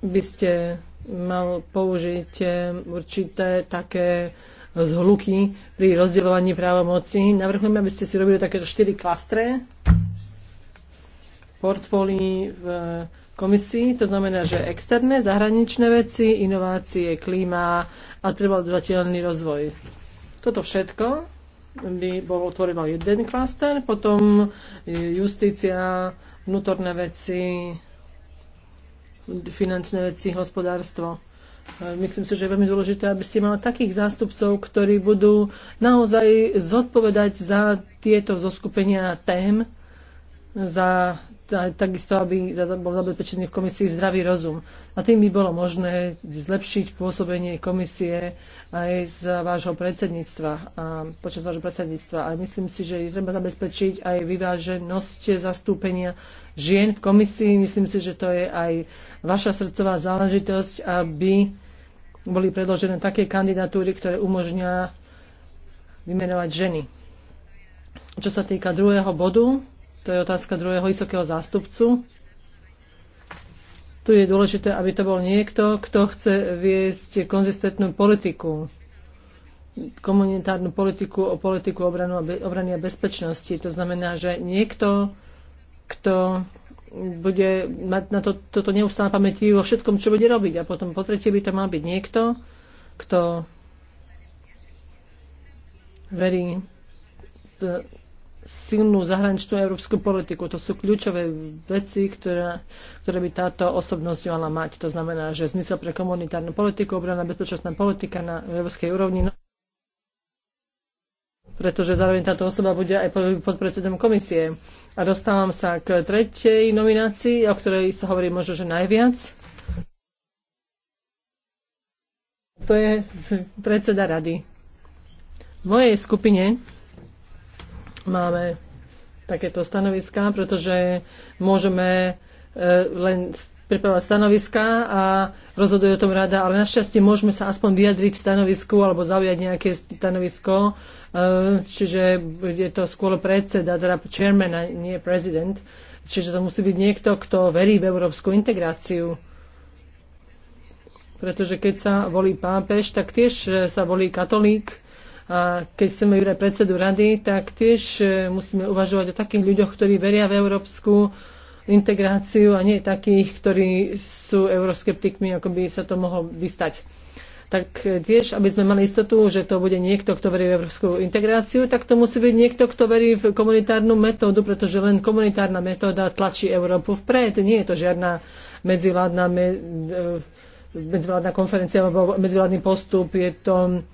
by ste mal použiť eh, určité také zhluky pri rozdeľovaní právomoci. Navrhujeme, aby ste si robili takéto štyri klastre, portfólii v komisii, to znamená, že externé, zahraničné veci, inovácie, klíma a treba udržateľný rozvoj. Toto všetko by bol tvorilo jeden klaster, potom justícia, vnútorné veci, finančné veci, hospodárstvo. Myslím si, že je veľmi dôležité, aby ste mali takých zástupcov, ktorí budú naozaj zodpovedať za tieto zoskupenia tém, za takisto, aby bol zabezpečený v komisii zdravý rozum. A tým by bolo možné zlepšiť pôsobenie komisie aj z vášho predsedníctva, a počas vášho predsedníctva. A myslím si, že treba zabezpečiť aj vyváženosť zastúpenia žien v komisii. Myslím si, že to je aj vaša srdcová záležitosť, aby boli predložené také kandidatúry, ktoré umožňa vymenovať ženy. Čo sa týka druhého bodu, to je otázka druhého vysokého zástupcu. Tu je dôležité, aby to bol niekto, kto chce viesť konzistentnú politiku, komunitárnu politiku o politiku obranu a obrany a bezpečnosti. To znamená, že niekto, kto bude mať na to, toto neustále pamäti vo všetkom, čo bude robiť. A potom po tretie by to mal byť niekto, kto verí silnú zahraničnú európsku politiku. To sú kľúčové veci, ktoré, ktoré by táto osobnosť mala mať. To znamená, že zmysel pre komunitárnu politiku, obranná bezpečnostná politika na európskej úrovni no- pretože zároveň táto osoba bude aj podpredsedom komisie. A dostávam sa k tretej nominácii, o ktorej sa hovorí možno, že najviac. To je predseda rady. V mojej skupine máme takéto stanoviská, pretože môžeme e, len pripravovať stanoviská a rozhoduje o tom rada, ale našťastie môžeme sa aspoň vyjadriť v stanovisku alebo zaujať nejaké stanovisko, e, čiže je to skôr predseda, teda chairman a nie prezident, čiže to musí byť niekto, kto verí v európsku integráciu. Pretože keď sa volí pápež, tak tiež e, sa volí katolík, a keď chceme vybrať predsedu rady, tak tiež e, musíme uvažovať o takých ľuďoch, ktorí veria v európsku integráciu a nie takých, ktorí sú euroskeptikmi, ako by sa to mohlo vystať. Tak e, tiež, aby sme mali istotu, že to bude niekto, kto verí v európsku integráciu, tak to musí byť niekto, kto verí v komunitárnu metódu, pretože len komunitárna metóda tlačí Európu vpred. Nie je to žiadna medzivládna, e, medzivládna konferencia alebo medzivládny postup. Je to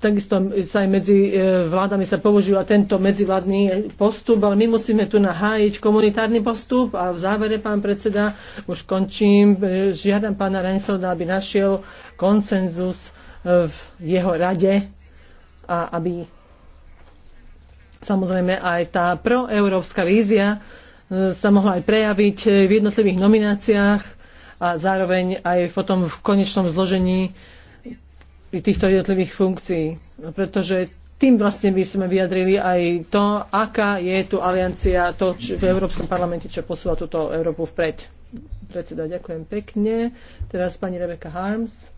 takisto sa aj medzi e, vládami sa používa tento medzivládny postup, ale my musíme tu nahájiť komunitárny postup a v závere, pán predseda, už končím, e, žiadam pána Reinfelda, aby našiel konsenzus e, v jeho rade a aby samozrejme aj tá proeurópska vízia sa mohla aj prejaviť v jednotlivých nomináciách a zároveň aj potom v konečnom zložení pri týchto jednotlivých funkcií. Pretože tým vlastne by sme vyjadrili aj to, aká je tu aliancia to, či v Európskom parlamente, čo posúva túto Európu vpred. Predseda, ďakujem pekne. Teraz pani Rebecca Harms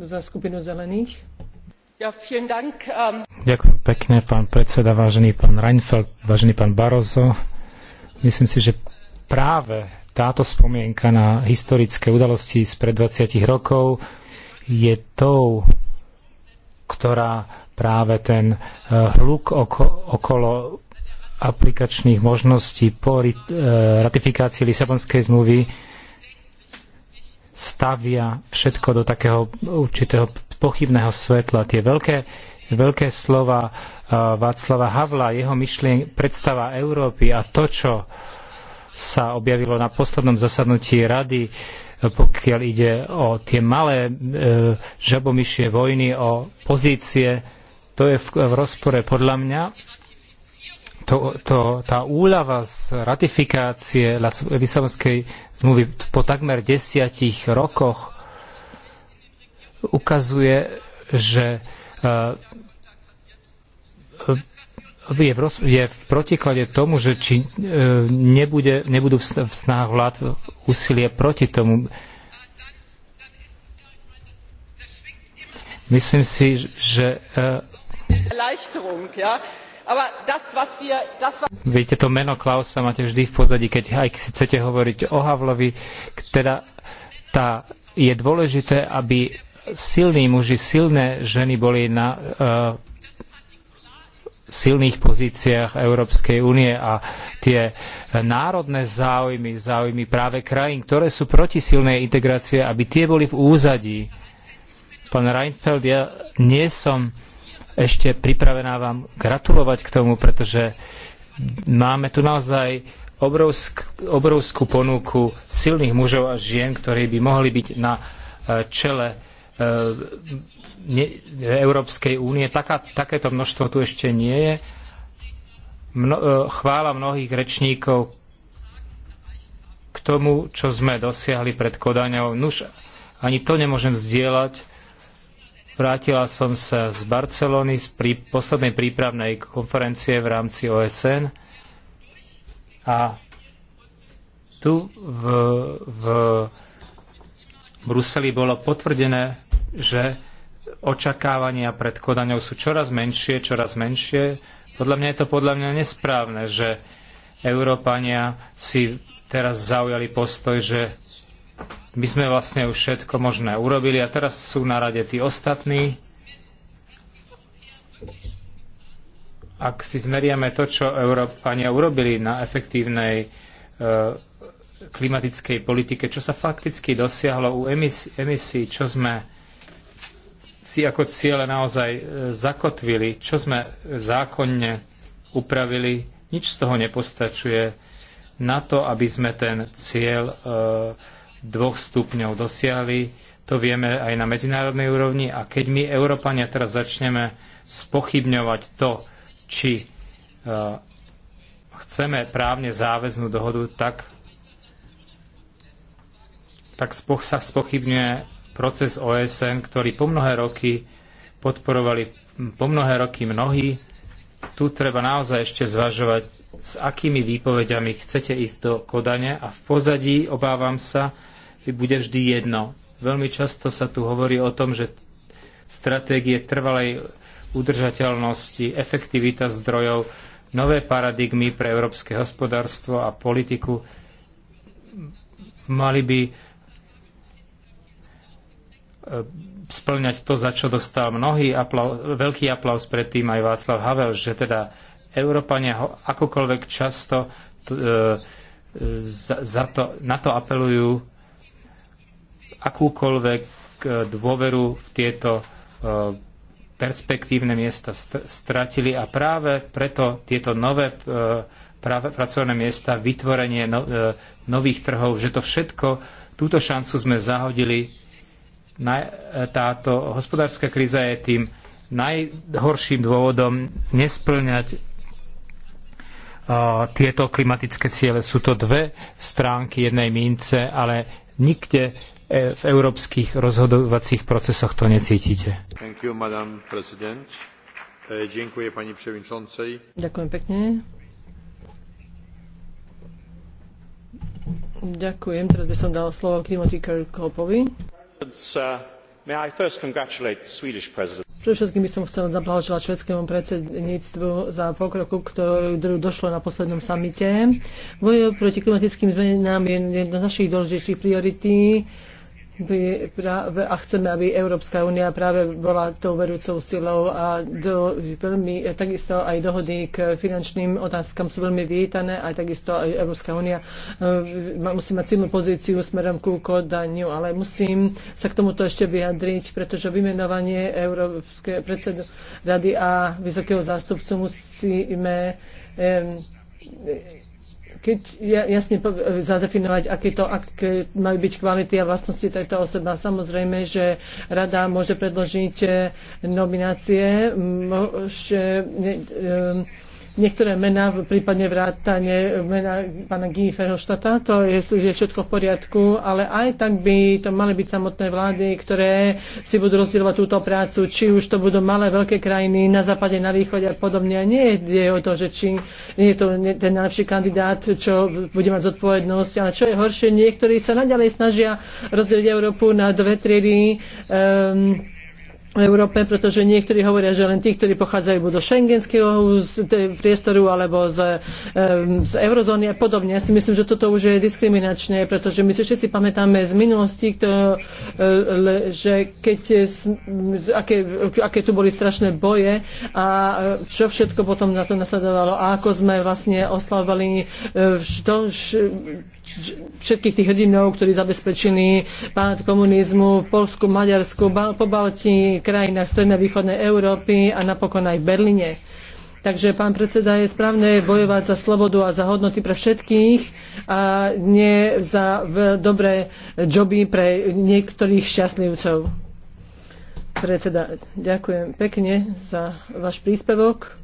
za skupinu zelených. Ja, dank, um... Ďakujem pekne, pán predseda, vážený pán Reinfeldt, vážený pán Barozo. Myslím si, že práve táto spomienka na historické udalosti spred 20 rokov je tou, ktorá práve ten e, hluk oko, okolo aplikačných možností po e, ratifikácii Lisabonskej zmluvy stavia všetko do takého určitého pochybného svetla. Tie veľké, veľké slova e, Václava Havla, jeho myšlien, predstava Európy a to, čo sa objavilo na poslednom zasadnutí rady, e, pokiaľ ide o tie malé e, žabomyšie vojny, o pozície. To je v, v rozpore podľa mňa. To, to, tá úľava z ratifikácie Lisabonskej zmluvy po takmer desiatich rokoch ukazuje, že e, je v, roz, je v protiklade tomu, že či e, nebude, nebudú v snách vlád úsilie proti tomu. Myslím si, že... E, Viete, to meno Klausa máte vždy v pozadí, keď aj keď chcete hovoriť o Havlovi, teda tá, je dôležité, aby silní muži, silné ženy boli na uh, silných pozíciách Európskej únie a tie národné záujmy, záujmy práve krajín, ktoré sú proti silnej integrácie, aby tie boli v úzadí. Pán Reinfeld, ja nie som ešte pripravená vám gratulovať k tomu, pretože máme tu naozaj obrovsk, obrovskú ponuku silných mužov a žien, ktorí by mohli byť na e, čele e, ne, Európskej únie. Taká, takéto množstvo tu ešte nie je. Mno, e, chvála mnohých rečníkov k tomu, čo sme dosiahli pred Kodaňou. Nuž, ani to nemôžem zdieľať. Vrátila som sa z Barcelony, z prí, poslednej prípravnej konferencie v rámci OSN a tu v, v Bruseli bolo potvrdené, že očakávania pred Kodaňou sú čoraz menšie, čoraz menšie. Podľa mňa je to podľa mňa nesprávne, že Európania si teraz zaujali postoj, že my sme vlastne už všetko možné urobili a teraz sú na rade tí ostatní. Ak si zmeriame to, čo Európania urobili na efektívnej e, klimatickej politike, čo sa fakticky dosiahlo u emisí, emisí čo sme si ako ciele naozaj e, zakotvili, čo sme zákonne upravili, nič z toho nepostačuje na to, aby sme ten cieľ e, dvoch stupňov dosiahli. To vieme aj na medzinárodnej úrovni a keď my Európania teraz začneme spochybňovať to, či e, chceme právne záväznú dohodu, tak, tak sa spochybňuje proces OSN, ktorý po mnohé roky podporovali po mnohé roky mnohí. Tu treba naozaj ešte zvažovať, s akými výpovediami chcete ísť do Kodane a v pozadí, obávam sa, bude vždy jedno. Veľmi často sa tu hovorí o tom, že stratégie trvalej udržateľnosti, efektivita zdrojov, nové paradigmy pre európske hospodárstvo a politiku mali by E, splňať to, za čo dostal mnohý veľký aplaus predtým aj Václav Havel, že teda Európania akokoľvek často e, za, za to, na to apelujú akúkoľvek e, dôveru v tieto perspektívne miesta stratili a práve preto tieto nové práve pracovné miesta, vytvorenie no, nových trhov, že to všetko, túto šancu sme zahodili táto hospodárska kríza je tým najhorším dôvodom nesplňať uh, tieto klimatické ciele. Sú to dve stránky jednej mince, ale nikde e, v európskych rozhodovacích procesoch to necítite. You, e, Ďakujem pekne. Ďakujem. Teraz by som dal slovo Timothy Kirkhopovi. Predovšetkým uh, by som chcela zablahoželať švedskému predsedníctvu za pokroku, ktorý došlo na poslednom samite. Boj proti klimatickým zmenám je jedna z našich dôležitých priorití by práve, a chceme, aby Európska únia práve bola tou verúcou silou a do, veľmi, takisto aj dohody k finančným otázkam sú veľmi vítané a takisto aj Európska únia e, musí mať silnú pozíciu smerom ku kodaniu, ale musím sa k tomuto ešte vyjadriť, pretože vymenovanie Európskej predsedu rady a vysokého zástupcu musíme um, keď jasne zadefinovať, aké, to, aké majú byť kvality a vlastnosti tejto osoba. Samozrejme, že rada môže predložiť eh, nominácie, môže, niektoré mená, prípadne vrátanie mena pána Guy Verhofstadta, to je, je všetko v poriadku, ale aj tak by to mali byť samotné vlády, ktoré si budú rozdielovať túto prácu, či už to budú malé, veľké krajiny na západe, na východe a podobne. A nie je o to, že či nie je to ten najlepší kandidát, čo bude mať zodpovednosť, ale čo je horšie, niektorí sa naďalej snažia rozdeliť Európu na dve triedy. Um, Európe, pretože niektorí hovoria, že len tí, ktorí pochádzajú do šengenského priestoru alebo z, z eurozóny a podobne. Ja si myslím, že toto už je diskriminačné, pretože my si všetci pamätáme z minulosti, kto, e, že keď, aké, aké tu boli strašné boje a e, čo všetko potom na to nasledovalo a ako sme vlastne oslavovali e, to, všetkých tých hrdinov, ktorí zabezpečili pán komunizmu v Polsku, Maďarsku, po Baltii, krajinách strednej východnej Európy a napokon aj v Berlíne. Takže, pán predseda, je správne bojovať za slobodu a za hodnoty pre všetkých a nie za dobré joby pre niektorých šťastlivcov. Predseda, ďakujem pekne za váš príspevok.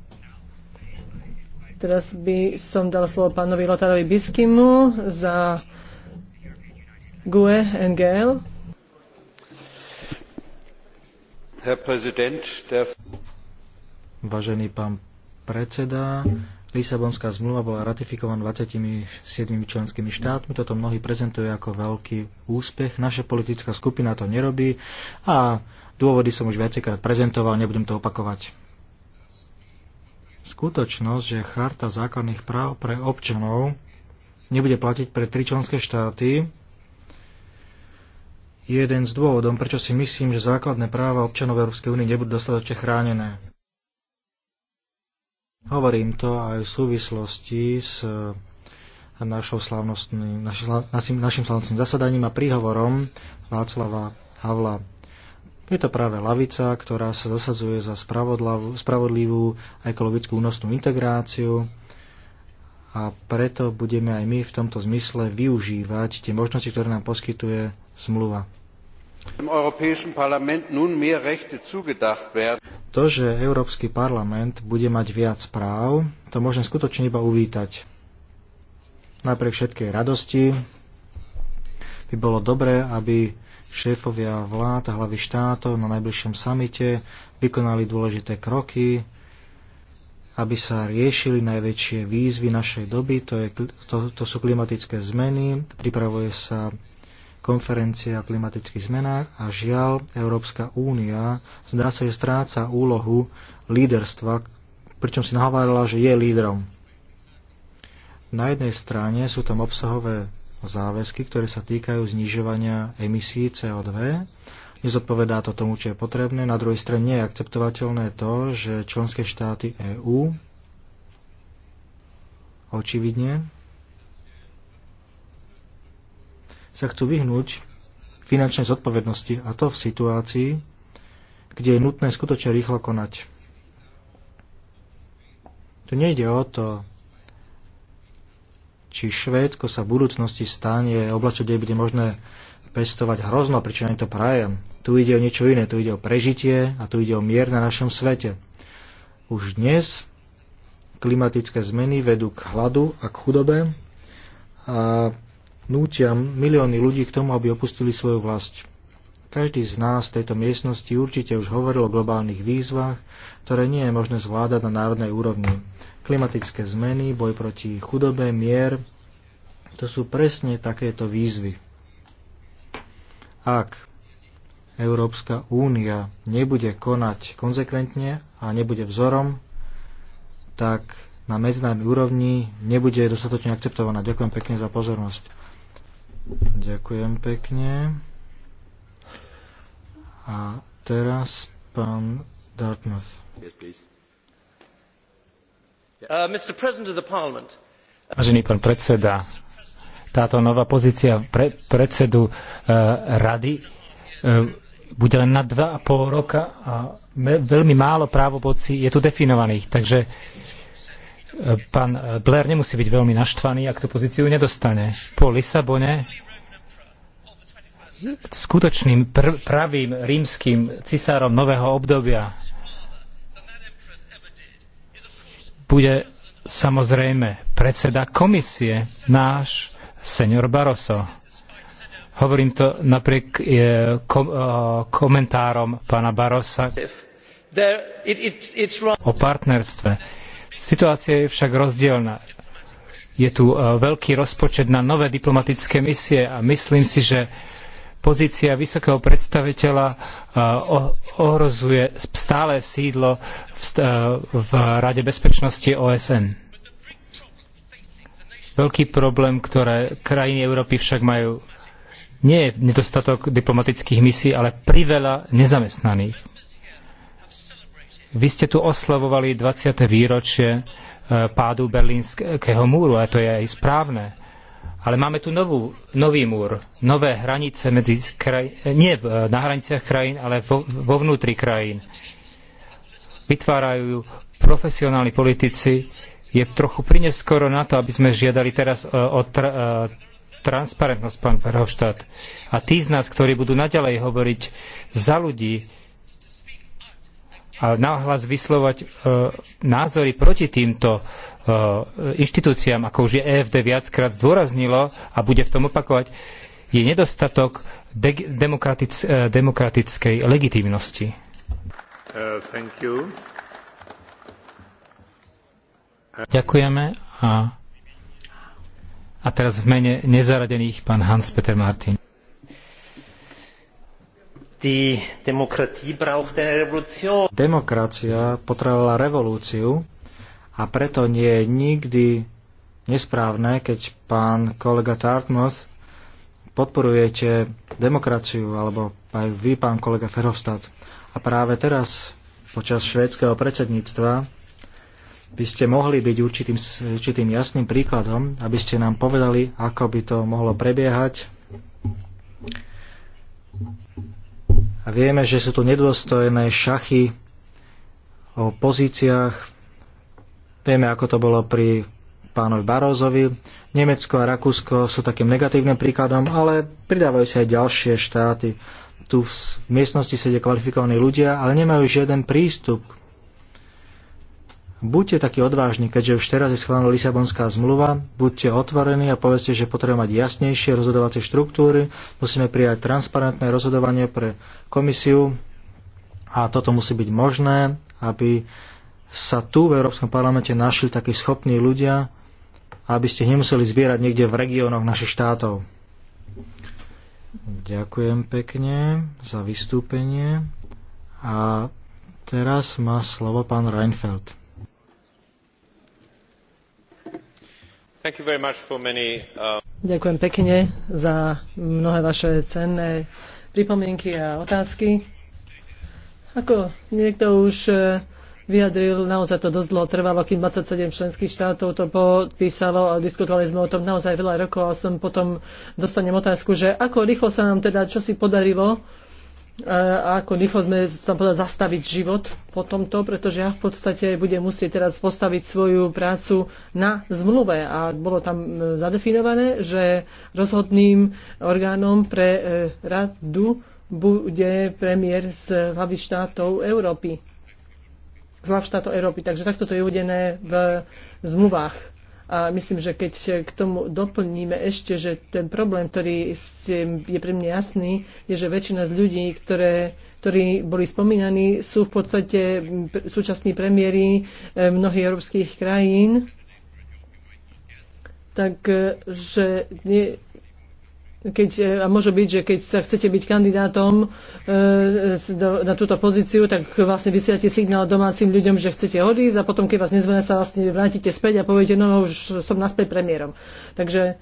Teraz by som dal slovo pánovi Lotarovi Biskimu za GUE NGL. Vážený pán predseda, Lisabonská zmluva bola ratifikovaná 27 členskými štátmi. Toto mnohí prezentujú ako veľký úspech. Naša politická skupina to nerobí a dôvody som už viacejkrát prezentoval, nebudem to opakovať. Skutočnosť, že charta základných práv pre občanov nebude platiť pre tri členské štáty, je jeden z dôvodov, prečo si myslím, že základné práva občanov Európskej únie nebudú dostatočne chránené. Hovorím to aj v súvislosti s eh, našou slavnostným, našim, našim, slavnostným zasadaním a príhovorom Václava Havla. Je to práve lavica, ktorá sa zasadzuje za spravodlivú, spravodlivú a ekologickú únosnú integráciu, a preto budeme aj my v tomto zmysle využívať tie možnosti, ktoré nám poskytuje zmluva. To, že Európsky parlament bude mať viac práv, to môžem skutočne iba uvítať. Napriek všetkej radosti by bolo dobré, aby šéfovia vlád a hlavy štátov na najbližšom samite vykonali dôležité kroky, aby sa riešili najväčšie výzvy našej doby, to, je, to, to sú klimatické zmeny, pripravuje sa konferencia o klimatických zmenách a žiaľ Európska únia zdá sa, že stráca úlohu líderstva, pričom si nahovárala, že je lídrom. Na jednej strane sú tam obsahové záväzky, ktoré sa týkajú znižovania emisí CO2 nezodpovedá to tomu, čo je potrebné. Na druhej strane nie je akceptovateľné to, že členské štáty EÚ očividne sa chcú vyhnúť finančnej zodpovednosti a to v situácii, kde je nutné skutočne rýchlo konať. Tu nejde o to, či Švédsko sa v budúcnosti stane oblasťou, kde bude možné pestovať hrozno, pričom je to prajem. Tu ide o niečo iné, tu ide o prežitie a tu ide o mier na našom svete. Už dnes klimatické zmeny vedú k hladu a k chudobe a nútia milióny ľudí k tomu, aby opustili svoju vlast. Každý z nás v tejto miestnosti určite už hovoril o globálnych výzvach, ktoré nie je možné zvládať na národnej úrovni. Klimatické zmeny, boj proti chudobe, mier, to sú presne takéto výzvy. Ak Európska únia nebude konať konzekventne a nebude vzorom, tak na medzinárodnej úrovni nebude dostatočne akceptovaná. Ďakujem pekne za pozornosť. Ďakujem pekne. A teraz pán Dartmouth. Uh, Vážený pán predseda, táto nová pozícia pre, predsedu uh, rady E, bude len na 2,5 roka a veľmi málo právomocí je tu definovaných. Takže e, pán Blair nemusí byť veľmi naštvaný, ak tú pozíciu nedostane. Po Lisabone skutočným pr- pravým rímským cisárom nového obdobia bude samozrejme predseda komisie, náš senior Barroso Hovorím to napriek e, e, komentárom pána Barosa o partnerstve. Situácia je však rozdielna. Je tu e, veľký rozpočet na nové diplomatické misie a myslím si, že pozícia vysokého predstaviteľa ohrozuje stále sídlo v Rade bezpečnosti OSN. Veľký problém, ktoré krajiny Európy však majú nie je nedostatok diplomatických misií, ale priveľa nezamestnaných. Vy ste tu oslavovali 20. výročie e, pádu berlínskeho múru a to je aj správne. Ale máme tu novú, nový múr, nové hranice medzi kraj, nie e, na hraniciach krajín, ale vo, vo vnútri krajín. Vytvárajú profesionálni politici. Je trochu prineskoro na to, aby sme žiadali teraz e, od transparentnosť, pán Verhofstadt. A tí z nás, ktorí budú naďalej hovoriť za ľudí a nahlas vyslovať e, názory proti týmto e, inštitúciám, ako už je EFD viackrát zdôraznilo a bude v tom opakovať, je nedostatok de demokratic, e, demokratickej legitimnosti. Uh, Ďakujeme a a teraz v mene nezaradených pán Hans-Peter Martin. Demokracia potrebovala revolúciu a preto nie je nikdy nesprávne, keď pán kolega Tartmouth podporujete demokraciu, alebo aj vy, pán kolega Ferhofstadt. A práve teraz, počas švédskeho predsedníctva, by ste mohli byť určitým, určitým jasným príkladom, aby ste nám povedali, ako by to mohlo prebiehať. A vieme, že sú tu nedôstojné šachy o pozíciách. Vieme, ako to bolo pri pánovi Barózovi. Nemecko a Rakúsko sú takým negatívnym príkladom, ale pridávajú sa aj ďalšie štáty. Tu v miestnosti sedia kvalifikovaní ľudia, ale nemajú žiaden prístup k Buďte takí odvážni, keďže už teraz je schválená Lisabonská zmluva, buďte otvorení a povedzte, že potrebujeme mať jasnejšie rozhodovacie štruktúry, musíme prijať transparentné rozhodovanie pre komisiu a toto musí byť možné, aby sa tu v Európskom parlamente našli takí schopní ľudia, aby ste nemuseli zbierať niekde v regiónoch našich štátov. Ďakujem pekne za vystúpenie a teraz má slovo pán Reinfeldt. Uh, Ďakujem pekne za mnohé vaše cenné pripomienky a otázky. Ako niekto už e, vyjadril, naozaj to dosť dlho trvalo, kým 27 členských štátov to podpísalo a diskutovali sme o tom naozaj veľa rokov a som potom dostanem otázku, že ako rýchlo sa nám teda čo si podarilo a ako rýchlo sme tam povedali zastaviť život po tomto, pretože ja v podstate budem musieť teraz postaviť svoju prácu na zmluve a bolo tam e, zadefinované, že rozhodným orgánom pre e, radu bude premiér z hlavy štátov Európy. Z hlav štátov Európy. Takže takto to je uvedené v zmluvách. A myslím, že keď k tomu doplníme ešte, že ten problém, ktorý je pre mňa jasný, je, že väčšina z ľudí, ktoré, ktorí boli spomínaní, sú v podstate súčasní premiéry eh, mnohých európskych krajín. Takže keď, e, a môže byť, že keď sa chcete byť kandidátom e, na túto pozíciu, tak vlastne vysielate signál domácim ľuďom, že chcete odísť a potom, keď vás nezvene, sa vlastne vrátite späť a poviete, no, no už som naspäť premiérom. Takže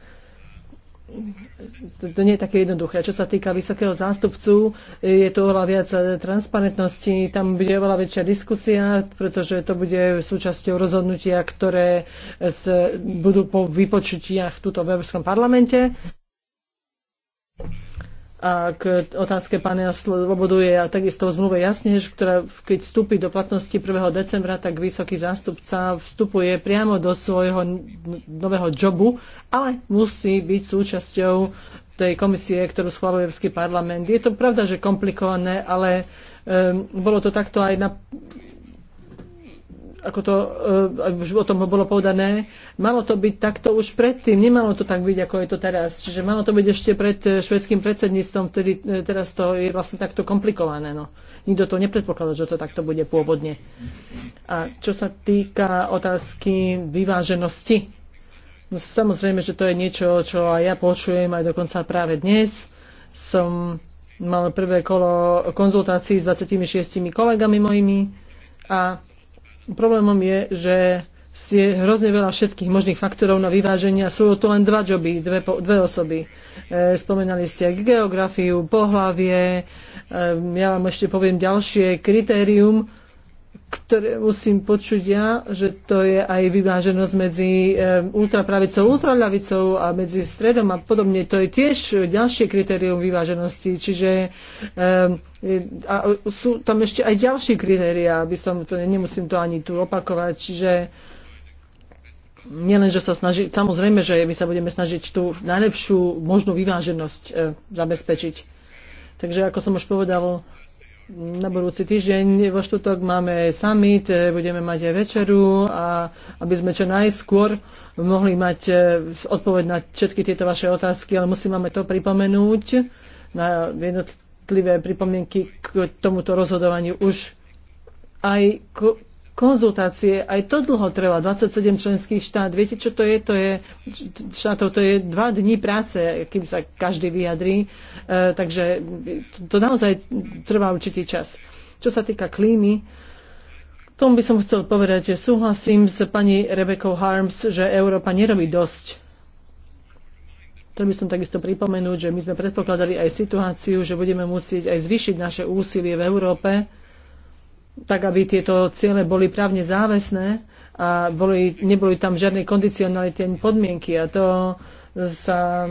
to, to nie je také jednoduché. Čo sa týka vysokého zástupcu, je to oveľa viac e, transparentnosti, tam bude oveľa väčšia diskusia, pretože to bude súčasťou rozhodnutia, ktoré z, budú po vypočutiach tuto v Európskom parlamente a k otázke pána Slobodu je a takisto v zmluve jasne, že ktorá, keď vstúpi do platnosti 1. decembra, tak vysoký zástupca vstupuje priamo do svojho nového jobu, ale musí byť súčasťou tej komisie, ktorú schváluje Európsky parlament. Je to pravda, že komplikované, ale um, bolo to takto aj na ako to e, už o tom bolo povedané, malo to byť takto už predtým, nemalo to tak byť, ako je to teraz. Čiže malo to byť ešte pred e, švedským predsedníctvom, ktorý e, teraz to je vlastne takto komplikované. No. Nikto to nepredpokladal, že to takto bude pôvodne. A čo sa týka otázky vyváženosti, no samozrejme, že to je niečo, čo aj ja počujem, aj dokonca práve dnes som mal prvé kolo konzultácií s 26 kolegami mojimi a problémom je, že je hrozne veľa všetkých možných faktorov na vyváženie a sú to len dva joby, dve, dve osoby. E, spomenali ste geografiu, pohlavie, e, ja vám ešte poviem ďalšie kritérium, ktoré musím počuť ja, že to je aj vyváženosť medzi ultrapravicou, ultraľavicou a medzi stredom a podobne. To je tiež ďalšie kritérium vyváženosti. Čiže a sú tam ešte aj ďalšie kritéria, aby som to, nemusím to ani tu opakovať. Čiže nielen, že sa snaží, samozrejme, že my sa budeme snažiť tú najlepšiu možnú vyváženosť zabezpečiť. Takže ako som už povedal, na budúci týždeň vo štvrtok máme summit, eh, budeme mať aj večeru a aby sme čo najskôr mohli mať eh, odpoveď na všetky tieto vaše otázky, ale musíme to pripomenúť na jednotlivé pripomienky k tomuto rozhodovaniu už aj konzultácie, aj to dlho trvá, 27 členských štát. Viete, čo to je? To je, štátov, to je dva dní práce, kým sa každý vyjadrí. E, takže to naozaj trvá určitý čas. Čo sa týka klímy, tomu by som chcel povedať, že súhlasím s pani Rebekou Harms, že Európa nerobí dosť Chcel by som takisto pripomenúť, že my sme predpokladali aj situáciu, že budeme musieť aj zvýšiť naše úsilie v Európe tak aby tieto ciele boli právne závesné a boli, neboli tam žiadne kondicionality ani podmienky. A to sa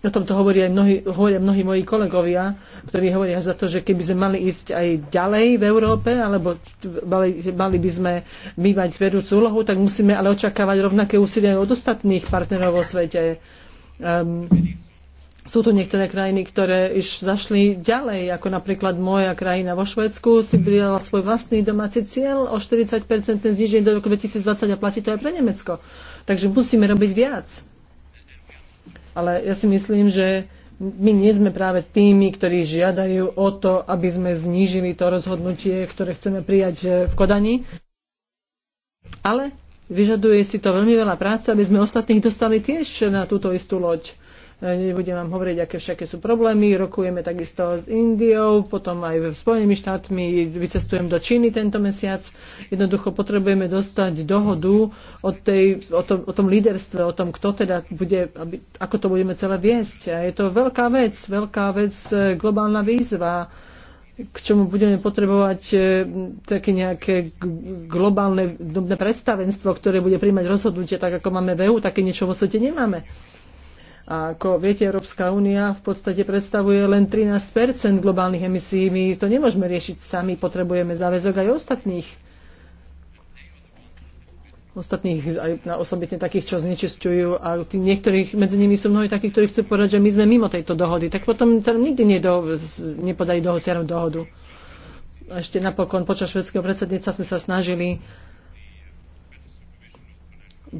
O tomto hovorí aj mnohí, hovoria mnohí moji kolegovia, ktorí hovoria za to, že keby sme mali ísť aj ďalej v Európe, alebo mali, mali by sme bývať vedúcu úlohu, tak musíme ale očakávať rovnaké úsilie od ostatných partnerov vo svete. Um, sú tu niektoré krajiny, ktoré už zašli ďalej, ako napríklad moja krajina vo Švedsku si prijala svoj vlastný domáci cieľ o 40% zniženie do roku 2020 a platí to aj pre Nemecko. Takže musíme robiť viac. Ale ja si myslím, že my nie sme práve tými, ktorí žiadajú o to, aby sme znížili to rozhodnutie, ktoré chceme prijať v Kodani. Ale vyžaduje si to veľmi veľa práce, aby sme ostatných dostali tiež na túto istú loď. E, Nebudem vám hovoriť, aké všaké sú problémy. Rokujeme takisto s Indiou, potom aj s Spojenými štátmi. Vycestujem do Číny tento mesiac. Jednoducho potrebujeme dostať dohodu o, tej, o, tom, o tom líderstve, o tom, kto teda bude, aby, ako to budeme celé viesť. A je to veľká vec, veľká vec, e, globálna výzva k čomu budeme potrebovať e, také nejaké globálne dobné predstavenstvo, ktoré bude príjmať rozhodnutie, tak ako máme VU, EU, také niečo vo svete nemáme. A ako viete, Európska únia v podstate predstavuje len 13 globálnych emisí. My to nemôžeme riešiť sami, potrebujeme záväzok aj ostatných ostatných, aj na osobitne takých, čo znečisťujú a tí, niektorých, medzi nimi sú mnohí takí, ktorí chcú povedať, že my sme mimo tejto dohody, tak potom tam nikdy nedo, nepodali dohociarom dohodu. Ešte napokon počas švedského predsedníctva sme sa snažili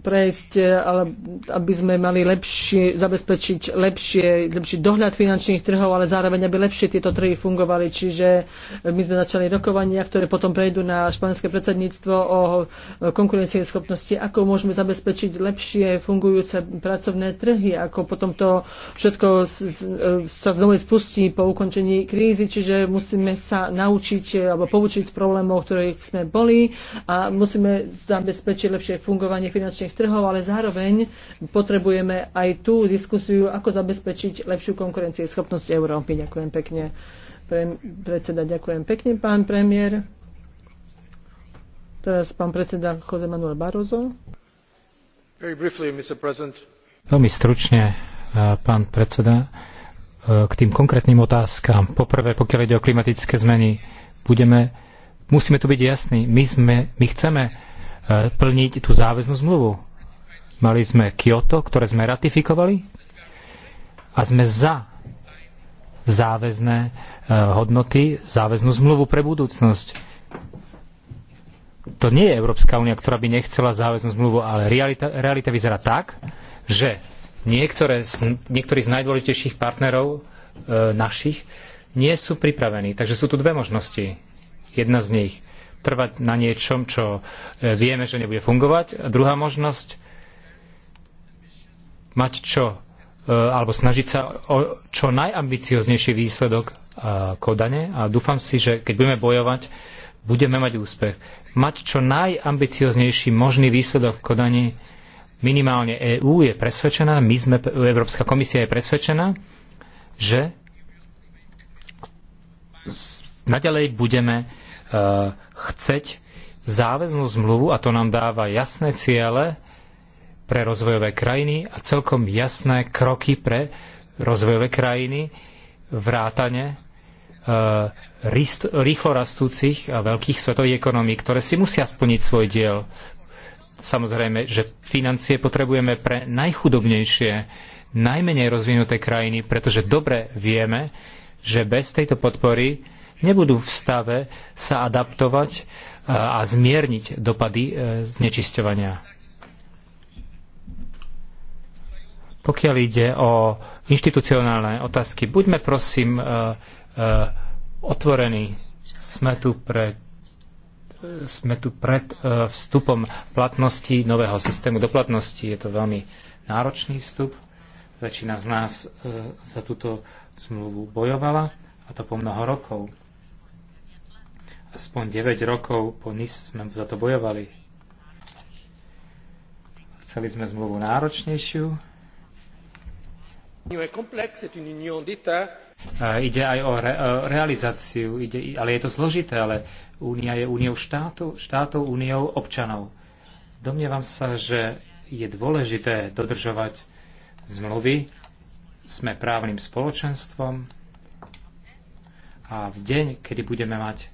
prejsť, eh, ale aby sme mali lepšie, zabezpečiť lepšie, lepší dohľad finančných trhov, ale zároveň, aby lepšie tieto trhy fungovali. Čiže eh, my sme začali rokovania, ktoré potom prejdú na španielské predsedníctvo o schopnosti, ako môžeme zabezpečiť lepšie fungujúce pracovné trhy, ako potom to všetko eh, sa znovu spustí po ukončení krízy, čiže musíme sa naučiť alebo poučiť z problémov, ktorých sme boli a musíme zabezpečiť lepšie fungovanie finančných finančných trhov, ale zároveň potrebujeme aj tú diskusiu, ako zabezpečiť lepšiu schopnosť Európy. Ďakujem pekne. Pre, predseda, ďakujem pekne, pán premiér. Teraz pán predseda Jose Manuel Barroso. Veľmi stručne, eh, pán predseda, eh, k tým konkrétnym otázkam. Poprvé, pokiaľ ide o klimatické zmeny, budeme, musíme tu byť jasní. My, sme, my chceme E, plniť tú záväznú zmluvu. Mali sme Kyoto, ktoré sme ratifikovali a sme za záväzné e, hodnoty, záväznú zmluvu pre budúcnosť. To nie je Európska únia, ktorá by nechcela záväznú zmluvu, ale realita, realita vyzerá tak, že niektoré z, niektorí z najdôležitejších partnerov e, našich nie sú pripravení. Takže sú tu dve možnosti. Jedna z nich trvať na niečom, čo e, vieme, že nebude fungovať. A druhá možnosť, mať čo, e, alebo snažiť sa o čo najambicioznejší výsledok e, Kodane a dúfam si, že keď budeme bojovať, budeme mať úspech. Mať čo najambicioznejší možný výsledok v Kodani, minimálne EÚ je presvedčená, my sme, Európska komisia je presvedčená, že naďalej budeme uh, chceť záväznú zmluvu a to nám dáva jasné ciele pre rozvojové krajiny a celkom jasné kroky pre rozvojové krajiny vrátane e, rýchlo rastúcich a veľkých svetových ekonomík, ktoré si musia splniť svoj diel. Samozrejme, že financie potrebujeme pre najchudobnejšie, najmenej rozvinuté krajiny, pretože dobre vieme, že bez tejto podpory nebudú v stave sa adaptovať e, a zmierniť dopady e, znečisťovania. Pokiaľ ide o inštitucionálne otázky, buďme prosím e, otvorení. Sme tu pred sme tu pred vstupom platnosti nového systému do platnosti. Je to veľmi náročný vstup. Väčšina z nás za túto zmluvu bojovala a to po mnoho rokov aspoň 9 rokov po NIS sme za to bojovali. Chceli sme zmluvu náročnejšiu. Ide aj o, re, realizáciu, ide, ale je to zložité, ale únia je úniou štátov, štátov, úniou občanov. Domnievam sa, že je dôležité dodržovať zmluvy. Sme právnym spoločenstvom a v deň, kedy budeme mať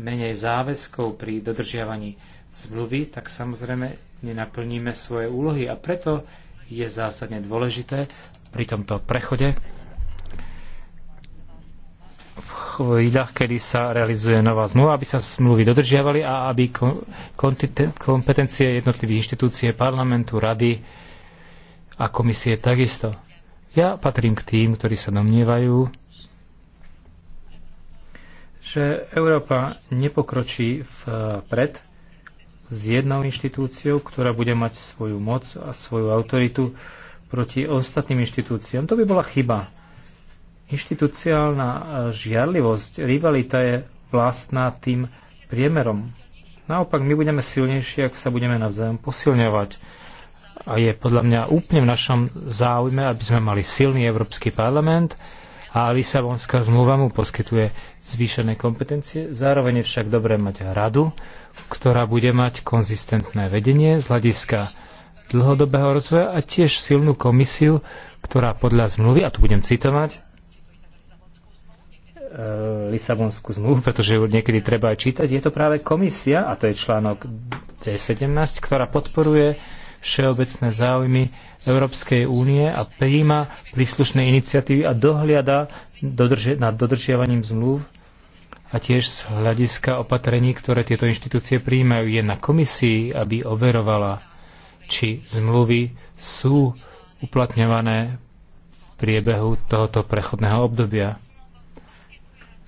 menej záväzkov pri dodržiavaní zmluvy, tak samozrejme nenaplníme svoje úlohy a preto je zásadne dôležité pri tomto prechode v chvíľach, kedy sa realizuje nová zmluva, aby sa zmluvy dodržiavali a aby kompetencie jednotlivých inštitúcie, parlamentu, rady a komisie takisto. Ja patrím k tým, ktorí sa domnievajú, že Európa nepokročí vpred s jednou inštitúciou, ktorá bude mať svoju moc a svoju autoritu proti ostatným inštitúciám. To by bola chyba. Inštitúciálna e, žiarlivosť, rivalita je vlastná tým priemerom. Naopak, my budeme silnejší, ak sa budeme navzájom posilňovať. A je podľa mňa úplne v našom záujme, aby sme mali silný Európsky parlament, a Lisabonská zmluva mu poskytuje zvýšené kompetencie. Zároveň je však dobré mať radu, ktorá bude mať konzistentné vedenie z hľadiska dlhodobého rozvoja a tiež silnú komisiu, ktorá podľa zmluvy, a tu budem citovať, e, Lisabonskú zmluvu, pretože ju niekedy treba aj čítať, je to práve komisia, a to je článok D17, ktorá podporuje všeobecné záujmy Európskej únie a príjma príslušné iniciatívy a dohliada dodrži- nad dodržiavaním zmluv a tiež z hľadiska opatrení, ktoré tieto inštitúcie príjmajú, je na komisii, aby overovala, či zmluvy sú uplatňované v priebehu tohoto prechodného obdobia.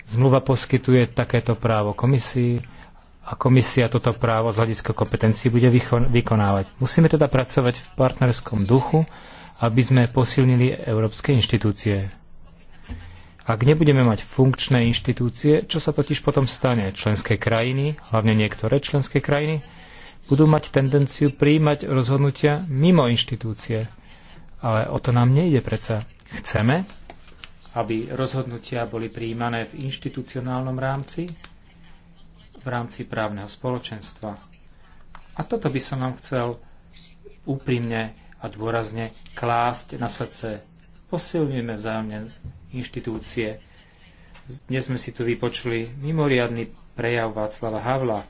Zmluva poskytuje takéto právo komisii, a komisia toto právo z hľadiska kompetencií bude vykonávať. Musíme teda pracovať v partnerskom duchu, aby sme posilnili európske inštitúcie. Ak nebudeme mať funkčné inštitúcie, čo sa totiž potom stane? Členské krajiny, hlavne niektoré členské krajiny, budú mať tendenciu príjmať rozhodnutia mimo inštitúcie. Ale o to nám nejde predsa. Chceme, aby rozhodnutia boli príjmané v inštitucionálnom rámci, v rámci právneho spoločenstva. A toto by som vám chcel úprimne a dôrazne klásť na srdce. Posilňujeme vzájomne inštitúcie. Dnes sme si tu vypočuli mimoriadný prejav Václava Havla.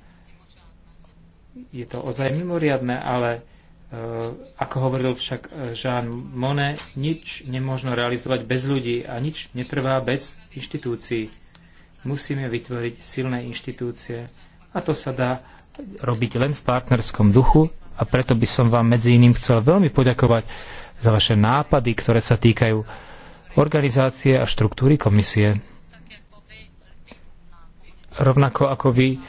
Je to ozaj mimoriadné, ale e, ako hovoril však e, Jean Monnet, nič nemôžno realizovať bez ľudí a nič netrvá bez inštitúcií. Musíme vytvoriť silné inštitúcie a to sa dá robiť len v partnerskom duchu a preto by som vám medzi iným chcel veľmi poďakovať za vaše nápady, ktoré sa týkajú organizácie a štruktúry komisie. Rovnako ako vy, e, e,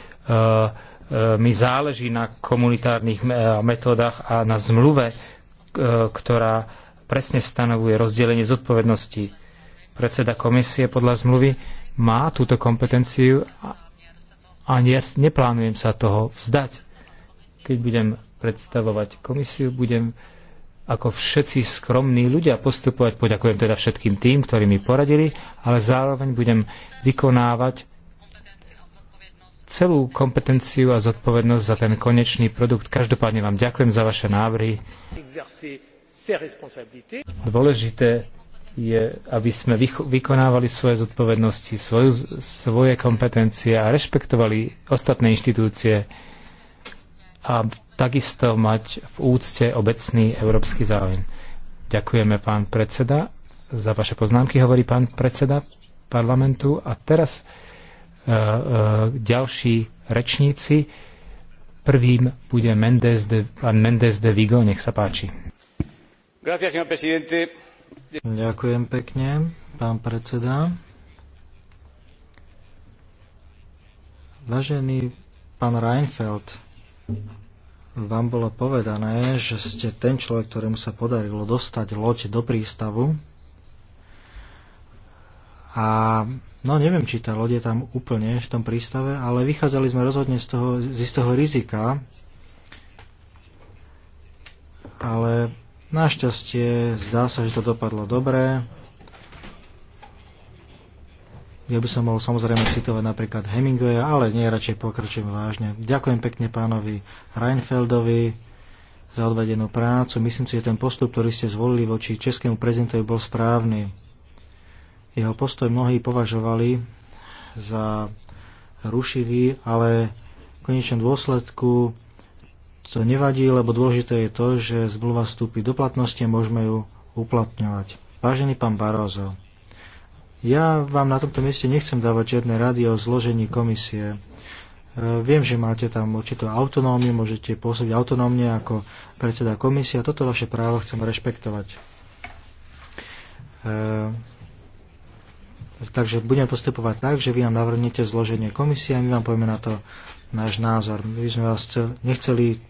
mi záleží na komunitárnych e, metódach a na zmluve, ktorá presne stanovuje rozdelenie zodpovednosti. Predseda komisie podľa zmluvy má túto kompetenciu a ja neplánujem sa toho vzdať. Keď budem predstavovať komisiu, budem ako všetci skromní ľudia postupovať. Poďakujem teda všetkým tým, ktorí mi poradili, ale zároveň budem vykonávať celú kompetenciu a zodpovednosť za ten konečný produkt. Každopádne vám ďakujem za vaše návrhy. Dôležité je, aby sme vykonávali svoje zodpovednosti, svoju, svoje kompetencie a rešpektovali ostatné inštitúcie a takisto mať v úcte obecný európsky záujem. Ďakujeme, pán predseda, za vaše poznámky, hovorí pán predseda parlamentu. A teraz uh, uh, ďalší rečníci. Prvým bude Mendes de, pán Mendes de Vigo, nech sa páči. Gracias, señor presidente. Ďakujem pekne, pán predseda. Vážený pán Reinfeld, vám bolo povedané, že ste ten človek, ktorému sa podarilo dostať loď do prístavu. A no neviem, či tá loď je tam úplne v tom prístave, ale vychádzali sme rozhodne z, toho, z istého rizika, ale Našťastie zdá sa, že to dopadlo dobre. Ja by som mohol samozrejme citovať napríklad Hemingwaya, ale nie, radšej pokračujem vážne. Ďakujem pekne pánovi Reinfeldovi za odvedenú prácu. Myslím si, že ten postup, ktorý ste zvolili voči českému prezidentovi, bol správny. Jeho postoj mnohí považovali za rušivý, ale v konečnom dôsledku to nevadí, lebo dôležité je to, že zmluva vstúpi do platnosti a môžeme ju uplatňovať. Vážený pán Barozo, ja vám na tomto mieste nechcem dávať žiadne rady o zložení komisie. E, viem, že máte tam určitú autonómiu, môžete pôsobiť autonómne ako predseda komisie a toto vaše právo chcem rešpektovať. E, takže budeme postupovať tak, že vy nám navrhnete zloženie komisie a my vám povieme na to náš názor. My by sme vás nechceli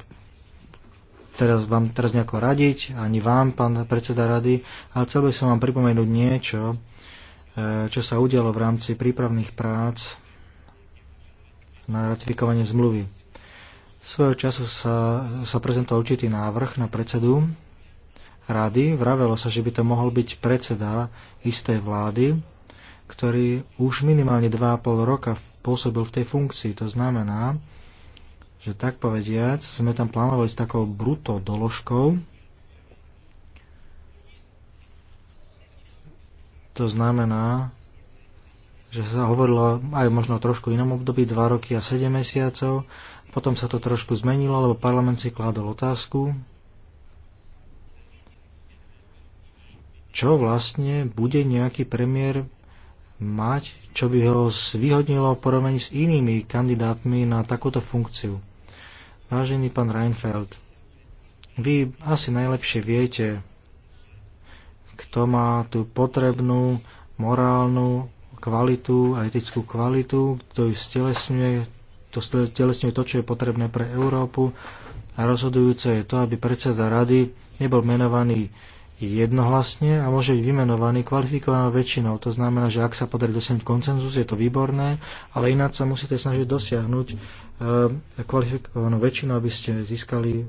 teraz vám teraz nejako radiť, ani vám, pán predseda rady, ale chcel by som vám pripomenúť niečo, e, čo sa udialo v rámci prípravných prác na ratifikovanie zmluvy. Svojho času sa, sa prezentoval určitý návrh na predsedu rady. Vravelo sa, že by to mohol byť predseda istej vlády, ktorý už minimálne 2,5 roka pôsobil v tej funkcii. To znamená, že tak povediať, sme tam plánovali s takou bruto doložkou. To znamená, že sa hovorilo aj možno trošku inom období, 2 roky a 7 mesiacov. Potom sa to trošku zmenilo, lebo parlament si kládol otázku, čo vlastne bude nejaký premiér mať, čo by ho vyhodnilo v porovnaní s inými kandidátmi na takúto funkciu. Vážený pán Reinfeld, vy asi najlepšie viete, kto má tú potrebnú morálnu kvalitu a etickú kvalitu, kto ju stelesňuje, to stelesňuje to, čo je potrebné pre Európu a rozhodujúce je to, aby predseda rady nebol menovaný jednohlasne a môže byť vymenovaný kvalifikovanou väčšinou. To znamená, že ak sa podarí dosiahnuť koncenzus, je to výborné, ale ináč sa musíte snažiť dosiahnuť e, kvalifikovanú väčšinu, aby ste získali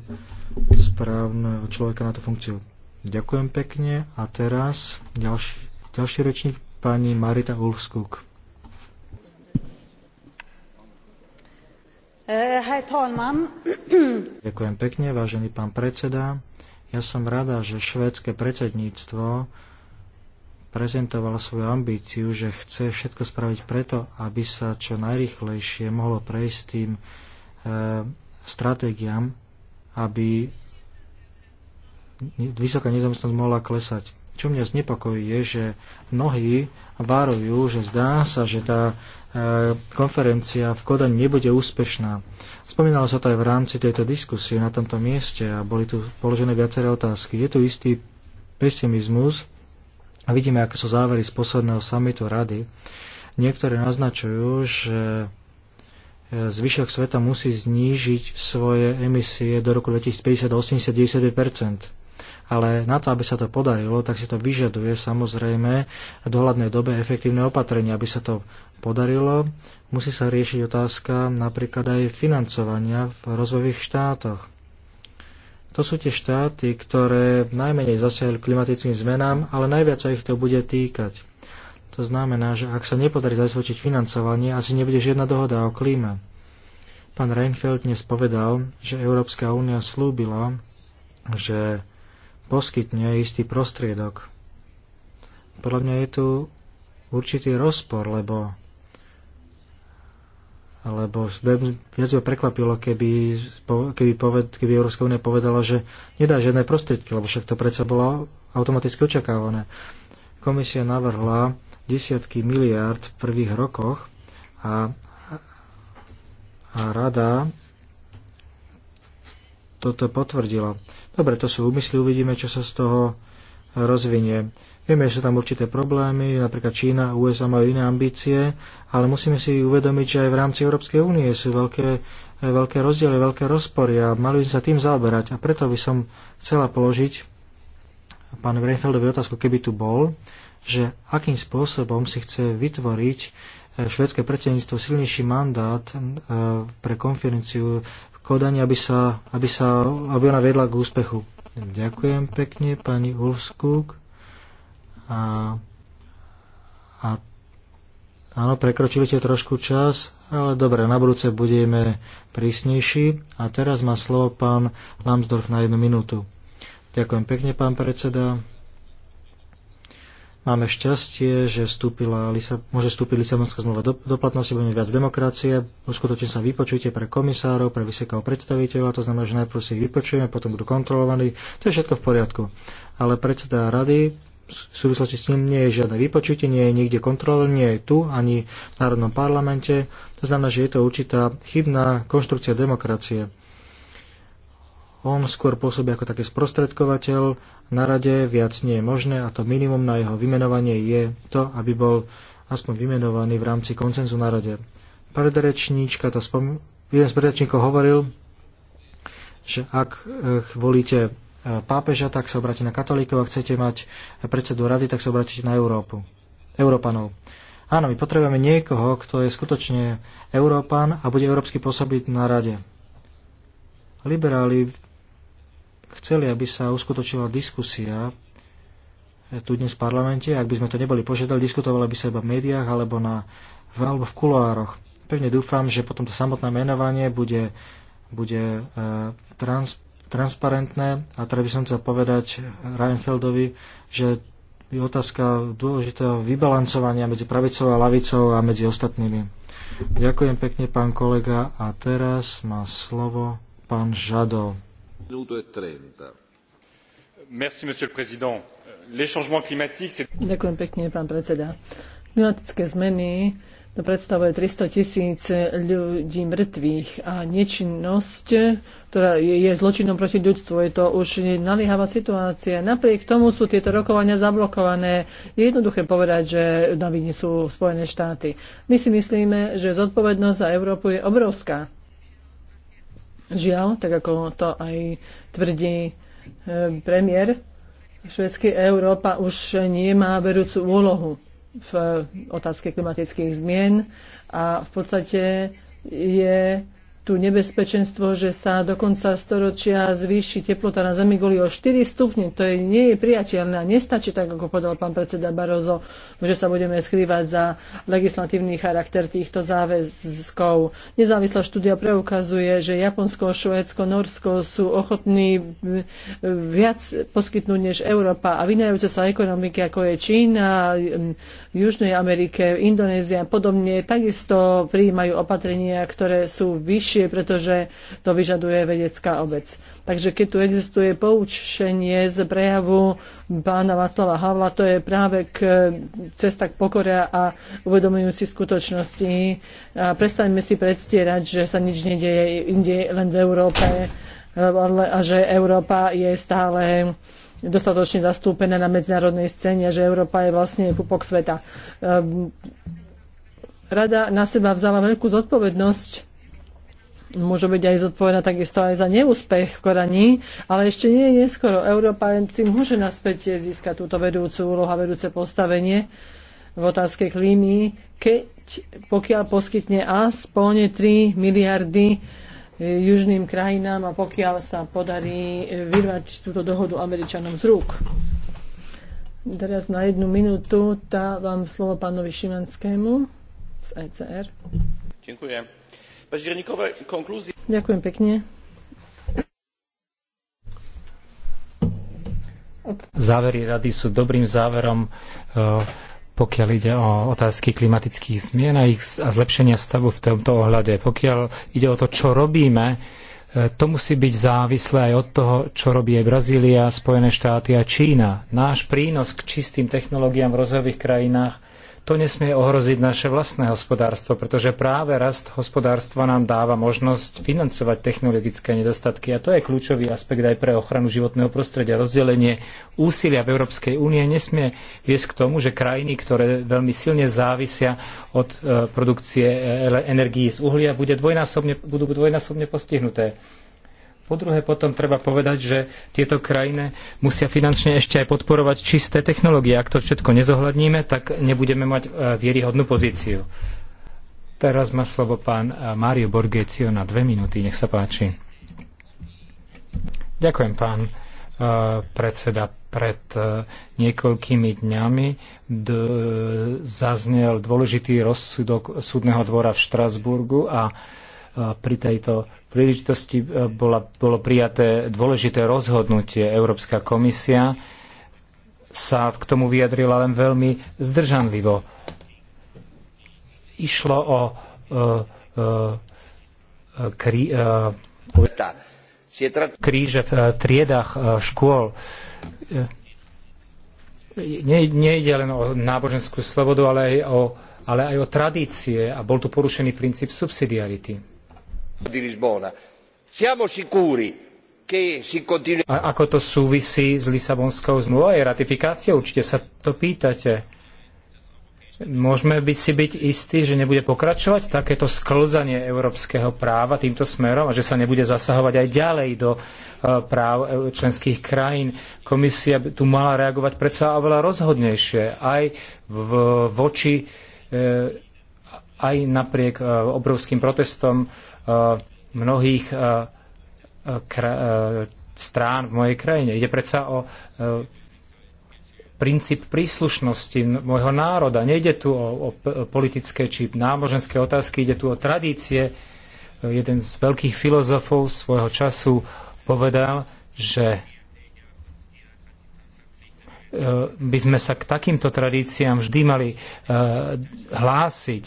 správneho človeka na tú funkciu. Ďakujem pekne a teraz ďalší, ďalší rečník pani Marita Ulfskuk. Eh, Ďakujem pekne, vážený pán predseda ja som rada, že švédske predsedníctvo prezentovalo svoju ambíciu, že chce všetko spraviť preto, aby sa čo najrychlejšie mohlo prejsť tým e, stratégiám, aby vysoká nezamestnosť mohla klesať. Čo mňa znepokojí je, že mnohí varujú, že zdá sa, že tá E, konferencia v Kodaň nebude úspešná. Spomínalo sa to aj v rámci tejto diskusie na tomto mieste a boli tu položené viaceré otázky. Je tu istý pesimizmus a vidíme, aké sú závery z posledného samitu rady. Niektoré naznačujú, že e, zvyšok sveta musí znížiť svoje emisie do roku 2050 80 90 ale na to, aby sa to podarilo, tak si to vyžaduje samozrejme v dohľadnej dobe efektívne opatrenia, aby sa to podarilo. Musí sa riešiť otázka napríklad aj financovania v rozvojových štátoch. To sú tie štáty, ktoré najmenej zasiahli klimatickým zmenám, ale najviac sa ich to bude týkať. To znamená, že ak sa nepodarí zabezpečiť financovanie, asi nebude žiadna dohoda o klíme. Pán Reinfeldt dnes povedal, že Európska únia slúbila, že poskytne istý prostriedok. Podľa mňa je tu určitý rozpor, lebo alebo viac by prekvapilo, keby, keby, poved, keby Európska únia povedala, že nedá žiadne prostriedky, lebo však to predsa bolo automaticky očakávané. Komisia navrhla desiatky miliárd v prvých rokoch a, a rada toto potvrdila. Dobre, to sú úmysly, uvidíme, čo sa z toho rozvinie. Vieme, že sú tam určité problémy, napríklad Čína a USA majú iné ambície, ale musíme si uvedomiť, že aj v rámci Európskej únie sú veľké, eh, veľké rozdiely, veľké rozpory a mali by sa tým zaoberať. A preto by som chcela položiť pánu Reinfeldovi otázku, keby tu bol, že akým spôsobom si chce vytvoriť eh, švedské predsedníctvo silnejší mandát eh, pre konferenciu v Kodani, aby, sa, aby, sa, aby ona vedla k úspechu. Ďakujem pekne, pani Ulfskúk a, a áno, prekročili ste trošku čas, ale dobre, na budúce budeme prísnejší. A teraz má slovo pán Lambsdorff na jednu minútu. Ďakujem pekne, pán predseda. Máme šťastie, že vstúpila, môže vstúpiť Lisabonská zmluva do, do platnosti, bude viac demokracie, Uskutočne sa vypočujte pre komisárov, pre vysokého predstaviteľa, to znamená, že najprv si ich vypočujeme, potom budú kontrolovaní, to je všetko v poriadku. Ale predseda rady v súvislosti s ním nie je žiadne vypočutie, nie je nikde kontrol, nie je tu ani v Národnom parlamente. To znamená, že je to určitá chybná konštrukcia demokracie. On skôr pôsobí ako taký sprostredkovateľ, na rade viac nie je možné a to minimum na jeho vymenovanie je to, aby bol aspoň vymenovaný v rámci koncenzu na rade. Predrečníčka to spom... jeden z predrečníkov hovoril, že ak eh, volíte pápeža, tak sa obráte na katolíkov, a chcete mať predsedu rady, tak sa obratíte na Európu, Európanov. Áno, my potrebujeme niekoho, kto je skutočne Európan a bude európsky pôsobiť na rade. Liberáli chceli, aby sa uskutočila diskusia tu dnes v parlamente. Ak by sme to neboli požiadali, diskutovali by sa iba v médiách alebo, na, v, alebo v kuloároch. Pevne dúfam, že potom to samotné menovanie bude, bude uh, eh, transparentné transparentné a teda by som chcel povedať Reinfeldovi, že je otázka dôležitého vybalancovania medzi pravicou a lavicou a medzi ostatnými. Ďakujem pekne, pán kolega. A teraz má slovo pán Žado. Merci, monsieur le président. Les changements climatiques, c'est... Ďakujem pekne, pán predseda. Klimatické zmeny to no, predstavuje 300 tisíc ľudí mŕtvych a nečinnosť, ktorá je zločinom proti ľudstvu. Je to už naliehavá situácia. Napriek tomu sú tieto rokovania zablokované. Je jednoduché povedať, že na vine sú Spojené štáty. My si myslíme, že zodpovednosť za Európu je obrovská. Žiaľ, tak ako to aj tvrdí e, premiér, švedský Európa už nemá verúcu úlohu v otázke klimatických zmien a v podstate je tu nebezpečenstvo, že sa do konca storočia zvýši teplota na Zemi kvôli o 4 stupne. To je, nie je priateľné. Nestačí, tak ako povedal pán predseda Barozo, že sa budeme skrývať za legislatívny charakter týchto záväzkov. Nezávislá štúdia preukazuje, že Japonsko, Švédsko, Norsko sú ochotní mm, viac poskytnúť než Európa a vynajúce sa ekonomiky, ako je Čína, v mm, Južnej Amerike, Indonézia a podobne, takisto prijímajú opatrenia, ktoré sú vyššie ťažšie, pretože to vyžaduje vedecká obec. Takže keď tu existuje poučenie z prejavu pána Václava Havla, to je práve k cesta k pokoria a uvedomujú si skutočnosti. A prestaňme si predstierať, že sa nič nedieje inde len v Európe a že Európa je stále dostatočne zastúpená na medzinárodnej scéne, že Európa je vlastne pupok sveta. Ehm, rada na seba vzala veľkú zodpovednosť Môže byť aj zodpovedná takisto aj za neúspech v Koraní, ale ešte nie je neskoro. Európa si môže naspäť získať túto vedúcu úlohu a vedúce postavenie v otázke klímy, keď pokiaľ poskytne aspoň 3 miliardy eh, južným krajinám a pokiaľ sa podarí eh, vyrvať túto dohodu Američanom z rúk. Teraz na jednu minútu dávam slovo pánovi Šimanskému z ECR. Ďakujem konkluzje. Ďakujem pekne. Závery rady sú dobrým záverom, e, pokiaľ ide o otázky klimatických zmien a, ich, a zlepšenia stavu v tomto ohľade. Pokiaľ ide o to, čo robíme, e, to musí byť závislé aj od toho, čo robí aj Brazília, Spojené štáty a Čína. Náš prínos k čistým technológiám v rozvojových krajinách to nesmie ohroziť naše vlastné hospodárstvo, pretože práve rast hospodárstva nám dáva možnosť financovať technologické nedostatky a to je kľúčový aspekt aj pre ochranu životného prostredia. Rozdelenie úsilia v Európskej únie nesmie viesť k tomu, že krajiny, ktoré veľmi silne závisia od e, produkcie e, energií z uhlia, budú dvojnásobne, budú dvojnásobne postihnuté po druhé, potom treba povedať, že tieto krajiny musia finančne ešte aj podporovať čisté technológie. Ak to všetko nezohľadníme, tak nebudeme mať e, vieryhodnú pozíciu. Teraz má slovo pán e, Mário Borgecio na dve minúty. Nech sa páči. Ďakujem, pán e, predseda. Pred niekoľkými dňami zaznel dôležitý rozsudok súdneho dvora v Štrasburgu a pri tejto príležitosti e, bola, bolo prijaté dôležité rozhodnutie. Európska komisia sa k tomu vyjadrila len veľmi zdržanlivo. Išlo o uh, e, e, kríže v triedách škôl. Ne Nejde len o náboženskú slobodu, ale aj o, ale aj o tradície a bol tu porušený princíp subsidiarity a ako to súvisí s Lisabonskou zmluvou a jej ratifikáciou? Určite sa to pýtate. Môžeme byť si byť istí, že nebude pokračovať takéto sklzanie európskeho práva týmto smerom a že sa nebude zasahovať aj ďalej do e, práv e, členských krajín. Komisia by tu mala reagovať predsa oveľa rozhodnejšie aj v, voči e, aj napriek obrovským protestom Eh, mnohých eh, eh, strán v mojej krajine. Ide predsa o princíp príslušnosti môjho národa. Nejde tu o, o politické či náboženské otázky, ide tu o tradície. Jeden z veľkých filozofov svojho času povedal, že by sme sa k takýmto tradíciám vždy mali hlásiť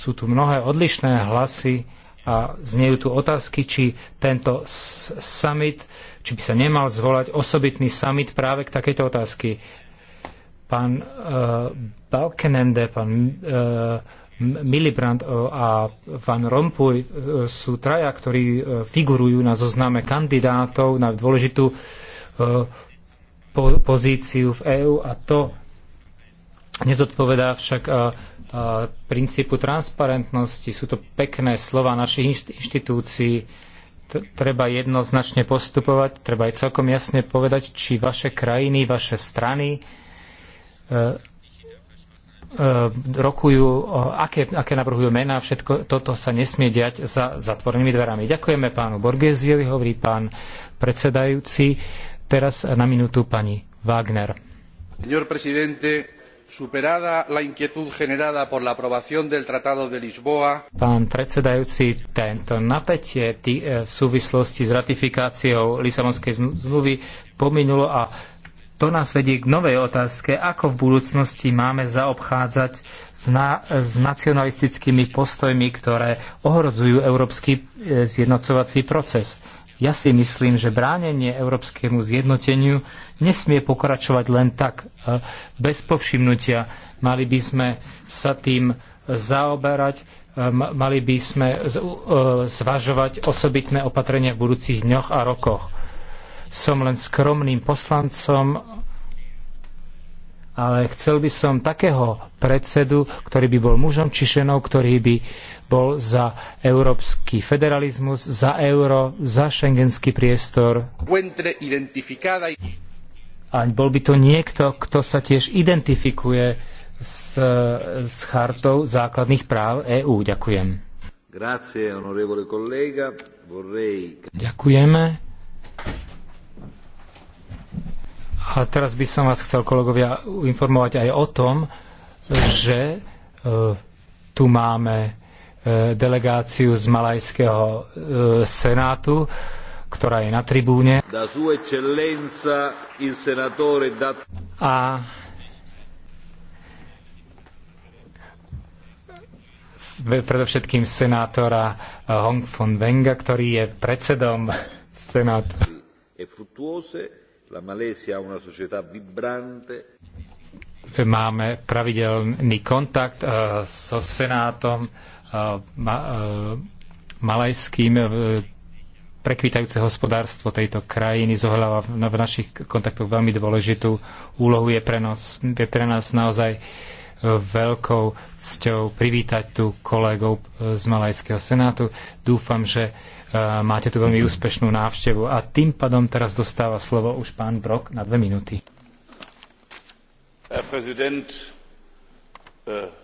sú tu mnohé odlišné hlasy a znejú tu otázky, či tento summit, či by sa nemal zvolať osobitný summit práve k takejto otázky. Pán uh, Balkenende, pán uh, Milibrand a Van Rompuy e, sú traja, ktorí figurujú na zozname kandidátov na dôležitú pozíciu v EÚ a to nezodpovedá však Eh, princípu transparentnosti. Sú to pekné slova našich inštitúcií. Treba jednoznačne postupovať, treba aj celkom jasne povedať, či vaše krajiny, vaše strany eh, eh, rokujú, aké, aké navrhujú mená, všetko toto sa nesmie diať za zatvorenými dverami. Ďakujeme pánu Borgesiovi, hovorí pán predsedajúci. Teraz na minútu pani Wagner. Señor presidente, superada la inquietud generada por la aprobación del Tratado de Lisboa. Pán predsedajúci, tento napätie tý, e, v súvislosti s ratifikáciou Lisabonskej zmluvy pominulo a to nás vedie k novej otázke, ako v budúcnosti máme zaobchádzať s, na, s nacionalistickými postojmi, ktoré ohrozujú európsky e, zjednocovací proces ja si myslím, že bránenie európskemu zjednoteniu nesmie pokračovať len tak e, bez povšimnutia. Mali by sme sa tým zaoberať, e, mali by sme e, zvažovať osobitné opatrenia v budúcich dňoch a rokoch. Som len skromným poslancom ale chcel by som takého predsedu, ktorý by bol mužom či ženou, ktorý by bol za európsky federalizmus, za euro, za šengenský priestor. A bol by to niekto, kto sa tiež identifikuje s, s chartou základných práv EÚ. Ďakujem. Grazie, Vorrei... Ďakujeme. A teraz by som vás chcel, kolegovia, informovať aj o tom, že e, tu máme e, delegáciu z Malajského e, senátu, ktorá je na tribúne. A predovšetkým senátora Hong von Wenga, ktorý je predsedom senátu. Máme pravidelný kontakt eh, so senátom eh, eh, malajským. prekvitajúce hospodárstvo tejto krajiny zohľava v, našich kontaktoch veľmi dôležitú úlohu. Je pre nás, je pre nás naozaj uh, veľkou cťou privítať tu kolegov eh, z Malajského senátu. Dúfam, že eh, máte tu veľmi úspešnú návštevu a tým pádom teraz dostáva slovo už pán Brok na dve minúty. Herr